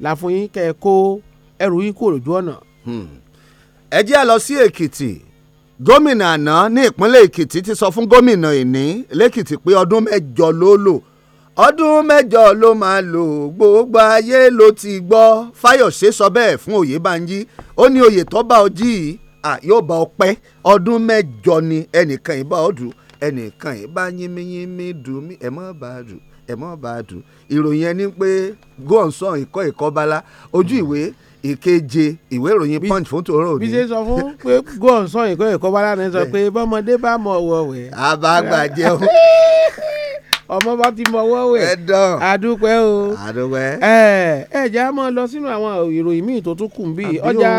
làfún yín kẹ́ ẹ kó ẹrù yín kúrò lójú ọ̀nà. Hmm. ẹ jẹ́ lọ sí Èkìtì gómìnà àná ní ìpínlẹ̀ Èkìtì ti sọ fún gómìnà ìní lẹ́kìtì pé ọdún mẹ́jọ ló lò ọdún mẹ́jọ ló máa lò gbogbo ayé ló ti gbọ́ Fáyọ̀ṣe sọ bẹ́ẹ̀ fún Oyèbánjí ó ní oyè tó bá ọ jí yìí yóò bá ọ pẹ́ ọdún mẹ́jọ ni ẹnìkan yìí bá ọ dùn ẹnìkan yìí bá yínmíyínmí dùn mí ẹ̀ mọ́ bá a dùn ẹ̀ mọ́ bá a dùn ìròyìn ẹni pé gọ́ǹsán ìkọ́ ìkọ́bálá ojú ìwé ìkeje ìwé ìròyìn punch fún tòró òní. bí ṣe sọ fún pé gọ́ǹsán ìkọ́ ìkọ́bálá ni sọ pé bọ́mọdé bá mọ̀ wọ̀ wẹ̀. àbágbà jẹun ọmọ bá ti mọwọ́ wẹ̀ àdúpẹ́ o àdúpẹ́. ẹ ẹ jẹ́ a lọ sínú àwọn ìròyìn míì tó tún kù bíi ọjà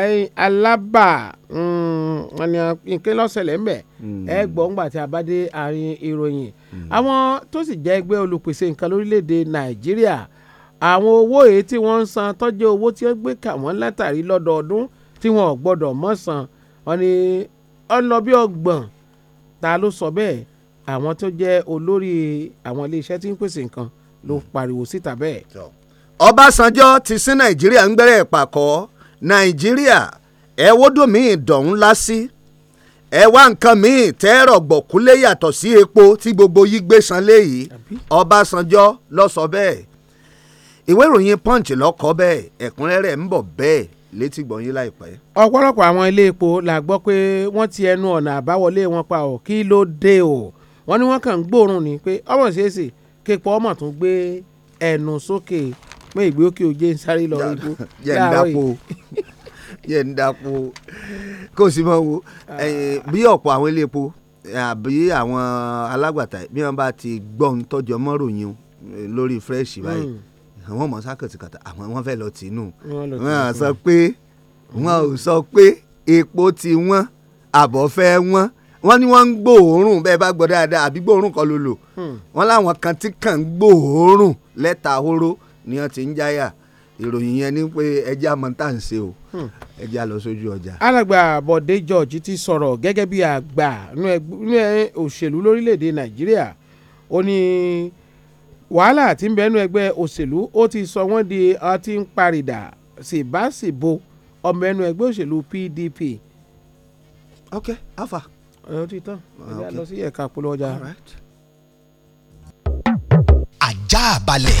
ẹ̀yin alaba. Mm, nǹkan lọ́sẹ̀lẹ̀ ńbẹ̀ mm. ẹ gbọ́ ńgbà tí a bá dé àárín ìròyìn mm. àwọn tó sì jẹ́ ẹgbẹ́ olùpèsè nǹkan lórílẹ̀‐èdè nàìjíríà àwọn owó èyí tí wọ́n ń san tọ́jú owó tí wọ́n gbé kà wọ́n látàrí lọ́dọọdún tí wọn ò gbọ́dọ̀ mọ́ san wọn ni ọ̀nà bí ọgbọ̀n ta ló sọ bẹ́ẹ̀ àwọn tó jẹ́ olórí àwọn iléeṣẹ́ tí ń pèsè nǹkan ló pariwo síta bẹ́ẹ̀. Ọbásanjọ́ ti sí nàìjíríà ń gbẹ́rẹ́ ìpàkọ́ nàìjíríà ẹ wódò míì dọ̀hún lásì ẹ wá nǹkan míì tẹ́rọ̀ gbọ̀kúlé yàtọ̀ sí epo tí gbogbo yìí gbé sanlé yìí ọbásanjọ́ ló sọ bẹ́ẹ̀ ìwé ìròyìn punch ló kọ bẹ́ẹ̀ ẹ̀kúnrẹ́rẹ́ ń bọ̀ bẹ́ẹ̀ létí gbọ̀nyìn láìpẹ́. ọ̀pọ̀lọpọ̀ àwọn ilé epo la gbọ́ pé wọ́n ti ẹnu ọ̀nà àbáwọlé wọn pa ọ̀ kí ló dé o wọ́n ní wọ́n kàn ń gbóòórùn ni pé ọmọ ṣeéṣe képo ọmọ tún gbé ẹnu sókè pé ìgbé òkè òjé ń sáré lọ igbó láàárọ̀ yìí yẹ ń dápo kó sì mọ wo ah. bí ọ̀pọ̀ àwọn ilé epo àbí àwọn alágbàtà bí wọ́n bá ti gbọ́ ń tọ́jọ́ mọ́ròyìn eh, lórí fresh báyìí hmm. àwọn ọmọ sákàtìkàtà àwọn wọ́n fẹ́ lọ tìǹù wọ́n sọ pé wọ́n ò sọ pé epo ti wọ́n àbọ̀ fẹ́ wọ́n wọ́n ní wọ́n ń gbòòórùn bẹ́ẹ̀ bá gbọ́ dáadáa àbí gbòòórùn kan ló lò hmm. wọ́n láwọn kan tí kàn ń gbòòórùn lẹ́ta horo ni wọ́n ti ń jáyà ìròyìn yẹn ni pé ẹjẹ́ àmọ́tàǹṣe o hmm. ẹjẹ́ àlọ́ sójú ọjà. alàgbà Bọ̀dé George ti sọ̀rọ̀ gẹ́gẹ́ bí àgbà nínú òṣèlú lórílẹ̀‐èdè Nàìjíríà ó ní wàhálà tí ń bẹ nínú ẹgbẹ́ òṣèlú ó ti sọ wọ́n di ọtí ń parìdà síbáṣìbo ọmọ ẹnu ẹgbẹ́ òṣèlú PDP. ok afa. ọ̀rọ̀ ti tán ah, ẹ̀ka polówó ọjà. all right Ajá, àjàbalẹ̀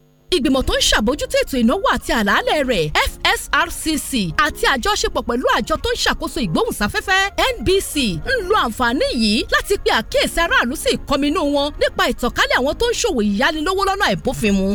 ìgbìmọ̀ tó ń ṣàbójútó ètò ìnáwó àti àlàálẹ̀ rẹ̀ FSRCC àti àjọṣepọ̀ pẹ̀lú àjọ tó ń ṣàkóso ìgbóhùnsáfẹ́fẹ́ NBC ń lo àǹfààní yìí láti pe àkíyèsí aráàlú sí ìkọminú wọn nípa ìtànkálẹ̀ àwọn tó ń ṣòwò ìyánilówó lọ́nà àìbófinmu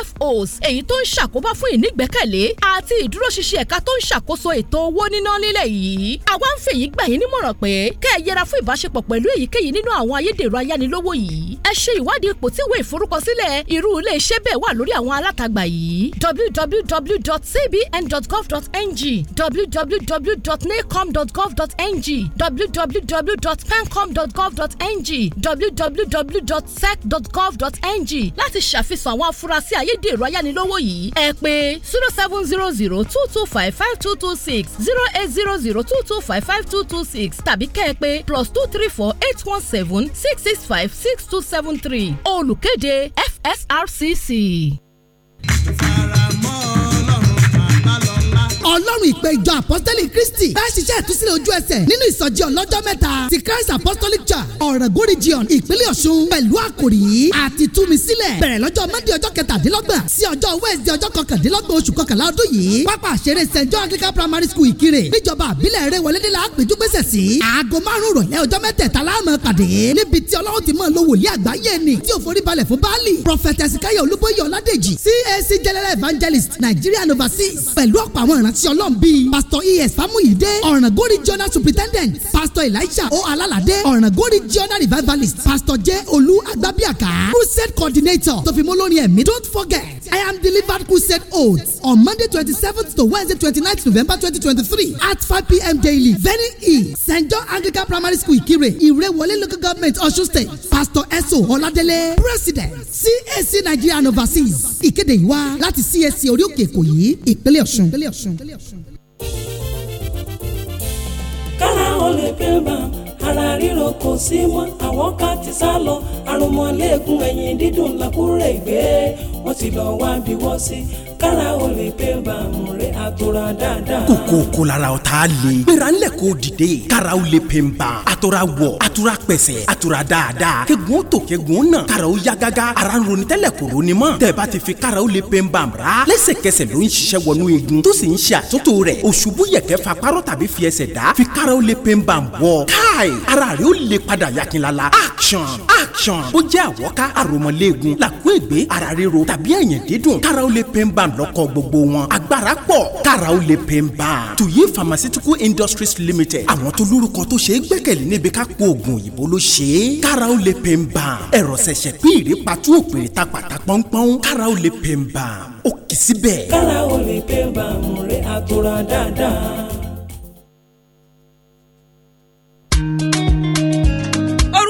IFOs èyí tó ń ṣàkóbá fún ìnígbẹ́kẹ̀lé àti ìdúróṣinṣin ẹ̀ka tó ń ṣàkóso ètò owó níná nílẹ̀ yìí àwa ń fèyí gbà yín nímọ̀ràn pé kẹ́ ẹ yẹra fún ìbáṣepọ̀ pẹ̀lú èyíkéyìí nínú àwọn ayédèrú ayánilówó yìí ẹ ṣe ìwádìí ipò tí ìwé ìforúkọsílẹ̀ irú ilé bẹ́ẹ̀ wà lórí àwọn alátagbà yìí www.cbn.gov.ng www.nacom.gov.ng www.pencom.gov.ng www.sec.gov.ng láti ṣàfihàn àwọn afurasí ayédèrú ayánilówó yìí ẹ pè zero seven zero zero two two five five two two six zero eight zero zero two two five five two two six tàbí kẹ́ ẹ pè plus two three four eight one seven six six five six two seven three olùkéde FSRCC. ìpè ìjọ apọ́sítẹ́lì kristi bá ṣiṣẹ́ ìtúsílẹ̀ ojú ẹsẹ̀ nínú ìsọjí ọlọ́jọ́ mẹ́ta ti christ apostolic church ọ̀rẹ́gùn region ìpínlẹ̀ ọ̀ṣun pẹ̀lú àkòrí àti túmi sílẹ̀ bẹ̀rẹ̀ lọ́jọ́ mọ́ndé ọjọ́ kẹtàdínlọ́gbọ̀n sí ọjọ́ wẹ́ẹ̀sì ọjọ́ kọkàndínlọ́gbọ̀n oṣù kọkànlá ọdún yìí pápá àṣẹrẹ st john anglican primary school ìkirè níjọba àbílẹ̀ eré wọlédè la péjú pèsè sí aago márùn rọ̀lẹ́ ọjọ́ mẹ́tẹ̀ẹ̀ta láàmú pàdé níbi tí ọlọ́run ti mọ̀ ló wòlíì àgbáyé ni tí ò forí balẹ̀ fún baálì prophet ezekiel olúbóyè ọládèjì cac general evangelist nigerian overseas pẹ̀lú ọ̀pọ̀ àwọn ìrántí ọlọ́run ọlọ́run bíi pastor es famuyide ọ̀ràngórí jọ́nà superintendent pastor elisha o alalade ọ̀ràngórí jọ́nà revivalist pastor j olú agbábíàká crusade coordinator tòfimolórin ẹ̀mí don't forget i am delivered crusade oath on monday twenty seventh to wednesday twenty ninth november twenty twenty three at five pm daily very e st john anglican primary school ìkirè ìrẹ́wọlé local government ọ̀ṣun state pastor eso Oladele president cac nigeria and overseas ìkéde yìí wá láti cac orí òkè èkó yìí ìpínlẹ̀ ọ̀ṣun. lè bẹ̀rẹ̀ ara ríro kò sí ti kára o lè pé bàmù rẹ̀ àtòrà dáadáa. kòkó kò lára o t'a le. gbéra ńlẹ̀ kó dìde. kára o lè pè ń ban. wọ̀ àtòrà pẹ̀sẹ̀ àtòrà dáadáa. kegun tó kegun nà. kára o ya gágá. ara ń ronú tẹ́lẹ̀ kò ronú mọ́. tẹ̀bá ti fi kára o lè pè ń ban ra. lẹ́sẹ̀kẹsẹ̀ ló ń ṣiṣẹ́ wọnú igun. tó sì ń ṣe àtúntò rẹ̀. òṣùbù yẹ̀kẹ́ fa párọ̀ tàbí fi ẹsẹ̀ dá. fi kára o lè pè ń bọ̀. káì ara rẹ̀ ó lè padà yakinlala. action action. ó jẹ́ àwọ̀ká àròmọ̀lẹ́gun làkú ègbé ara ríro tàbí ẹ̀yìn dídùn. kára o lè pè ń lọ́kọ̀ gbogbo wọn agbára pọ̀ kára ó lè pè ń bá a. tuyi pharmaceutical industries limited àwọn tó lórúkọ tó ṣe é gbẹ́kẹ̀lé níbi ká kó oògùn òyìnbó ló ṣe é kára ó lè pè ń bá a. ẹ̀rọ ṣẹ̀ṣẹ̀ pín ìrèpàtú òpèrè ta pàtà pọ́npọ́n kára ó lè pè ń bá a. ó kì í síbẹ̀. kára ó lè pè ń bá a mú rí àtúrà dáadáa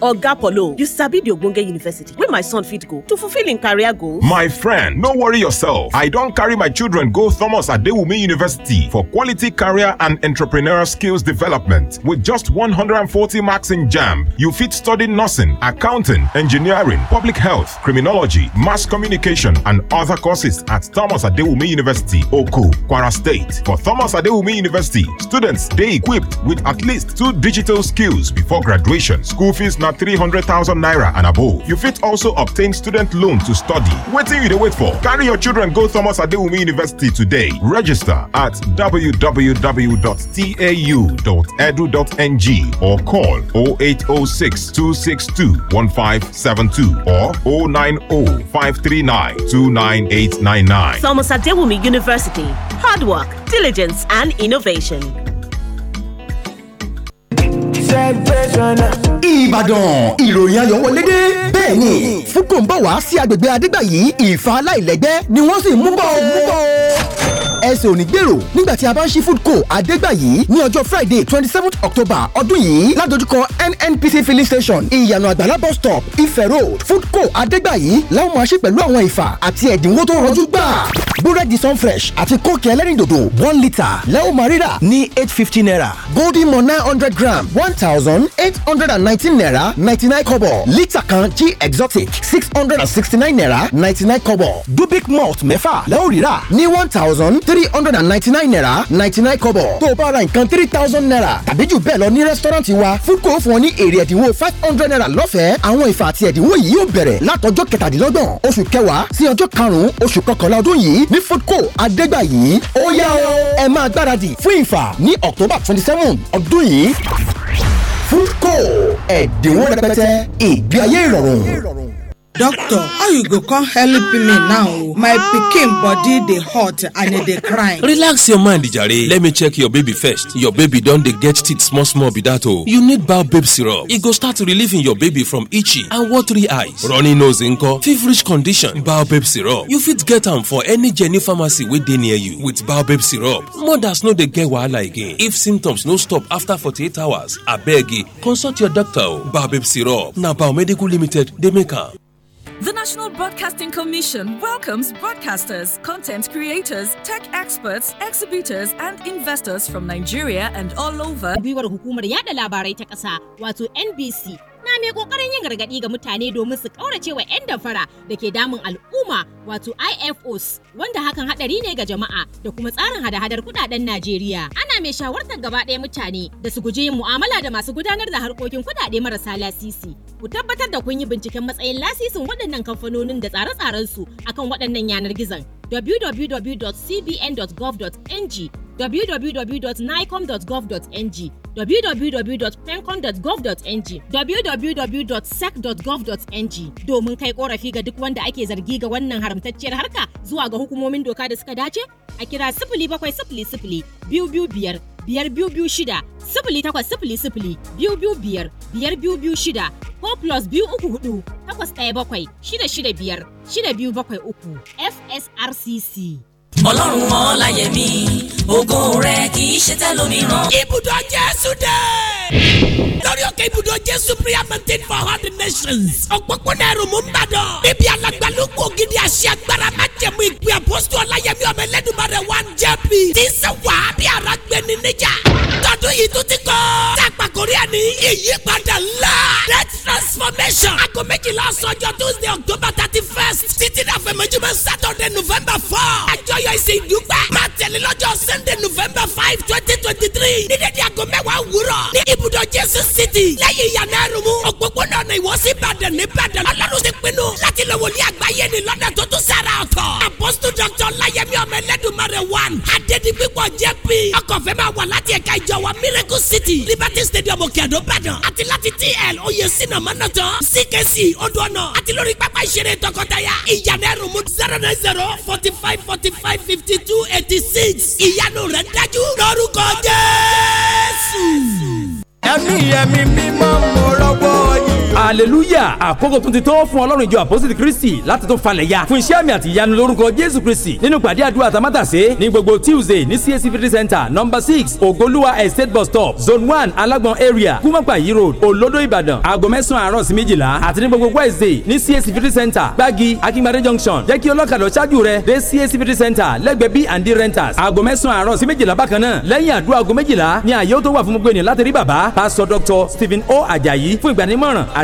oga polo you sabi di ogbonge university Where my son fit go to fulfill im career goals. my friend no worry yourself i don't carry my children go thomas adewumi university for quality career and entrepreneurial skills development with just 140 marks in jamb you fit study nursing accounting engineering public health criminology mass communication and other courses at thomas adewumi university oku kwara state for thomas adewumi university students dey equipped with at least two digital skills before graduation school fees na 300,000 naira and above. You fit also obtain student loan to study. Waiting you to wait for. Carry your children go Thomas Adewumi University today. Register at www.tau.edu.ng or call 0806 262 1572 or 090 539 Thomas Adewumi University. Hard work, diligence, and innovation. celebration. Ìbàdàn ìròyìn ayọ̀ wọlé dé. Bẹ́ẹ̀ni, Fúkùn bọ̀ wá sí agbègbè Adégbàyí, ìfà aláìlẹ́gbẹ́ ni wọ́n sì mú bọ̀ ọ́ ẹsẹ̀ ò ní gbèrò nígbà tí a bá ń ṣí food co adégbàyí ní ọjọ́ friday twenty seventh october ọdún yìí ládojúkọ nnpc filling station ìyànà àgbàlá bus stop ife road food co adégbàyí láwọn máa ṣe pẹ̀lú àwọn ìfà àti ẹ̀dínwó tó rọjú gbà búrẹ́dì fresh. àti kóòkì ẹlẹ́rìndòdò one litre lẹ́wọ̀n máa rírà ní eight fifty naira golden mo nine hundred gram one thousand eight hundred and nineteen naira ninety nine kọ́bọ̀ lítà kan g exotic six hundred and sixty nine naira ninety nine kọ́bọ̀ dubic malt mẹ́fà lẹ́wọ̀n rírà ní one thousand three three hundred and ninety nine naira ninety nine kobo tó o bá ra nǹkan three thousand naira tàbí jù bẹ́ẹ̀ lọ ní restaurant wa court fún ọ ní èrè ẹ̀dínwó five hundred naira lọ́fẹ̀ẹ́ àwọn ìfà àti ẹ̀dínwó yìí yóò bẹ̀rẹ̀ látọjọ́ kẹtàdínlọ́gbọ̀n oṣù kẹwàá sí ọjọ́ karùn-ún oṣù kọkànlá ọdún yìí ní foodco adégbà yìí ó yá o ẹ máa gbáradì fún ìfà ní october twenty seven ọdún yìí foodco ẹ̀dínwó rẹpẹtẹ ìgbé ayé ìrọ̀rùn doctor how you go come help me now my pikin body dey hot and e dey cry. relax your mind jare let me check your baby first your baby don dey get teeth small small be dat o oh. you need baobab syrup e go start relieving your baby from itchy and watery eyes runny nose nko feverish condition baobab syrup you fit get am for any jenny pharmacy wey dey near you with baobab syrup mothers no dey get wahala again if symptoms no stop after forty-eight hours abeg consult your doctor o oh. baobab syrup na biomedical limited dey make am. The National Broadcasting Commission welcomes broadcasters, content creators, tech experts, exhibitors, and investors from Nigeria and all over. NBC na mai kokarin yin gargadi ga mutane domin su kaurace wa 'yan damfara da ke damun al'umma wato IFOs wanda hakan hadari ne ga jama'a da kuma tsarin hada-hadar kudaden Najeriya. Ana mai shawartar gaba ɗaya mutane da su guji yin mu'amala da masu gudanar da harkokin kudade marasa lasisi. Ku tabbatar da kun yi binciken matsayin lasisin waɗannan kamfanonin da tsare-tsarensu akan waɗannan yanar gizon. www.cbn.gov.ng, www.nicom.gov.ng, www.pencom.gov.ng, www.sec.gov.ng domin kai korafi ga duk wanda ake zargi ga wannan haramtacciyar harka zuwa ga hukumomin doka da suka dace a kira sifili bakwai sifili sifili biyu biyu biyar biyar biyu biyu shida sifili takwas sifili sifili biyu biyu biyar biyar biyu biyu shida ko plus biyu uku hudu takwas ɗaya bakwai shida shida biyar shida biyu bakwai uku FSRCC. ọlọ́run mọ́ láyé mi ògo rẹ kì í ṣe tẹ́lómìíràn. ibùdó jésù dé lórí òkè ibùdó jésù prayer mountain for all the nations. òpópónà ẹrù mú nbàdàn. bíbí alágbàlókù ògidì àṣẹ agbára májẹ̀mú ìpè àpòsù ọláyẹmí ọmọ ẹlẹ́dùnmarè one jp. tí ń sẹ wà á bí ara gbẹni níjà. tọdún yìí tó ti kọ́. tá a pàkórí ẹni ìyípadà ńlá. great transformation. aago méjìlá ọ̀sán ọjọ́ tuesday october thirty first. títí náà fẹ̀mẹ́júmọ́ saturday november four. àjọy àjọyọ̀ ìsìn ìdúpẹ́ máa tẹ̀lé lọ́jọ́ sunday november five twenty twenty three ní dédé aago mẹ́wàá òwúrọ̀ ní ibùdó jésù city lẹ́yìn ìyànà ẹrùmú òpópónà ọ̀nà ìwọ́sí ìbàdàn ní ìbàdàn ọlọ́run ti pinnu láti lọ wòlíì àgbáyé ní lọ́nà tó tún sára ọ̀tọ̀ apostle doctor ọláyẹmí ọmọ ẹlẹ́dùnmarè one adédìpípọ̀ jp ọkọ̀ fẹ́ máa wà láti ẹ̀ka ìjọ wa miracle city liberty stadium òkèdó ìbàdàn àti láti tl oyè sinna mọ́nàtọ́ ckc odò ọ̀nà àti lórí pápá ìṣeré tọkọtaya ìyànà ẹrùmú zero nine zero forty five forty five five fifty two eighty six ìyanu rẹ̀ dájú lórúkọ Jésù. ẹ̀mí ẹ̀mí mímọ́ mo rọ́wọ́ yìí hallelujah àkókò tún ti tó fún ọlọ́run ìjọ àpọ́sítì kristi láti tún falẹ̀ ya fún iṣẹ́ àmì àti ìyanu lórúkọ jésù kristi nínú ìpàdé àdúrà tamátàsé ní gbogbo tuesday ní csc fifty center number six ogoluwa estate bus stop zone one alágbọn area kúmọ̀pàyí road olodo ìbàdàn aago mẹ́sàn-án àárọ̀ sí méjìlá àti ní gbogbo wednesday ní csc fifty center gbági akíngbadé junction jẹ́ kí ọlọ́kadà ṣáájú rẹ dé csc fifty center lẹ́gbẹ̀ẹ́ b and d renters aago mẹ́sàn-án àárọ̀ sí méjìlá bákan náà lẹ́yìn àdúrà aago méjìlá ni àyè ó tó wà fún stephen o ajayi fún ìgbanímọ̀ràn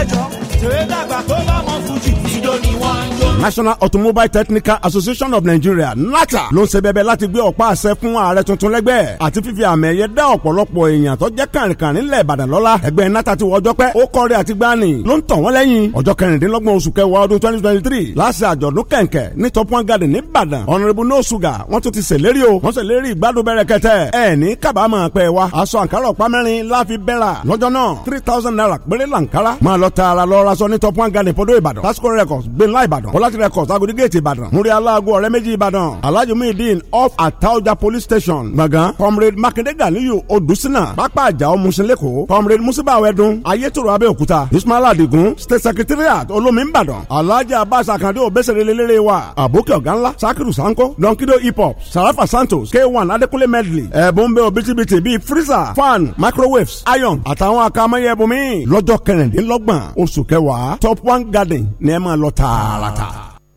ẹjọ́ tèrè dàgbà tó bá mọ fújì. National Automobile Technical Association of Nigeria NATA ló ń ṣe bẹ̀bẹ̀ láti gbé ọ̀pá àṣẹ fún ààrẹ tuntun lẹ́gbẹ́ àti fífi àmì ẹ̀yẹ dá ọ̀pọ̀lọpọ̀ èèyàn tó jẹ́ kàrìnkàrìn lẹ̀ Ìbàdàn lọ́lá ẹgbẹ́ NATA ti wọ ọjọ́ pẹ́ ó kọ́rẹ́ àti gbani ló ń tàn wọ́n lẹ́yìn ọjọ́ kẹrìndínlọ́gbọ̀n oṣù kẹwàá ọdún twenty twenty three láti àjọ̀dún kẹ̀kẹ́ ní Top One Garden ní Ìbàdàn Honourable No Sugar wọ́n tún ti ṣèlérí o wọ́n ṣèlérí ìgbádùn bẹ̀rẹ̀ kẹtẹ ẹ̀ ní kábàámọ̀ pẹ̀ wá aṣọ àǹkárá ọ̀pá mẹ́rin láfi bẹ́ra lọ́jọ́ náà three thousand naira péré làǹkárá máa lọ tààrà lọ raṣọ ní Top One Garden pọ̀dọ̀ Ìbàdàn Tasco Records gbẹ̀ńlá Ìbàdàn bọ́lá Flat Records Agodi-gate Ìbàdàn Múrí Aláago ọ̀rẹ́ méjì Ìbàdàn Alhaji Muhyiddin off Ataoja Police Station Gbọ̀ngàn Comrade Makinde Ganiyu Odusina Pápá Àjàó Musin Lẹ́kọ̀ọ́ Comrade Musibawo Ẹdun Ayétòrò Abẹ́òkúta Ismail Adigun State Secretariat Olómi Ìbàdàn Alhaji Abbas Akande Obeserelelere wa Àbókẹ́ Ọ̀gá Ńlá Sakiru Sanko Donkido Hip Hop Sarafa Santos K1 Adekunle Medley Ẹ̀bùn bẹ́ẹ̀ òbítíbitì bíi freezer fan microwaves iron àtàwọn akamọ́yẹ̀bùnmí lọ́jọ́ kẹrìndínlọ́gbọ̀n oṣù kẹwàá top one garden ní ẹ máa lọ tààràtà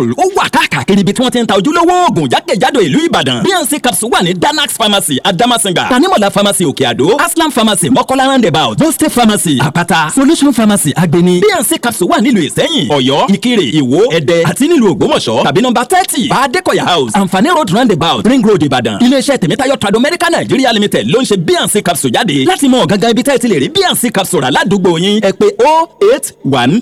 capsule ó wà káàkiri ibi tí wọ́n ti ń ta ojúlówó oògùn jákèjádò ìlú ìbàdàn bnc capsule wà ní danax pharmacy adamasinga tanimola pharmacy òkè àdó aslam pharmacy mọ́kọ́lá roundabout boste pharmacy àpáta solution pharmacy agbeni bnc capsule wà nílùú ìsẹ́yìn ọ̀yọ́ ìkirè ìwó ẹdẹ àti nílùú ògbómọ̀ṣọ́ tàbí nọ́mbà thirty baadekoya house anfani road roundabout ring road ìbàdàn iléeṣẹ́ tèmítáyọ̀ tradomedica nigeria limited ló ń ṣe bnc capsule jáde láti mọ gangan ibi tẹ́ ti lè rí bnc capsule aládùúgbò yín ẹ pè oh eight one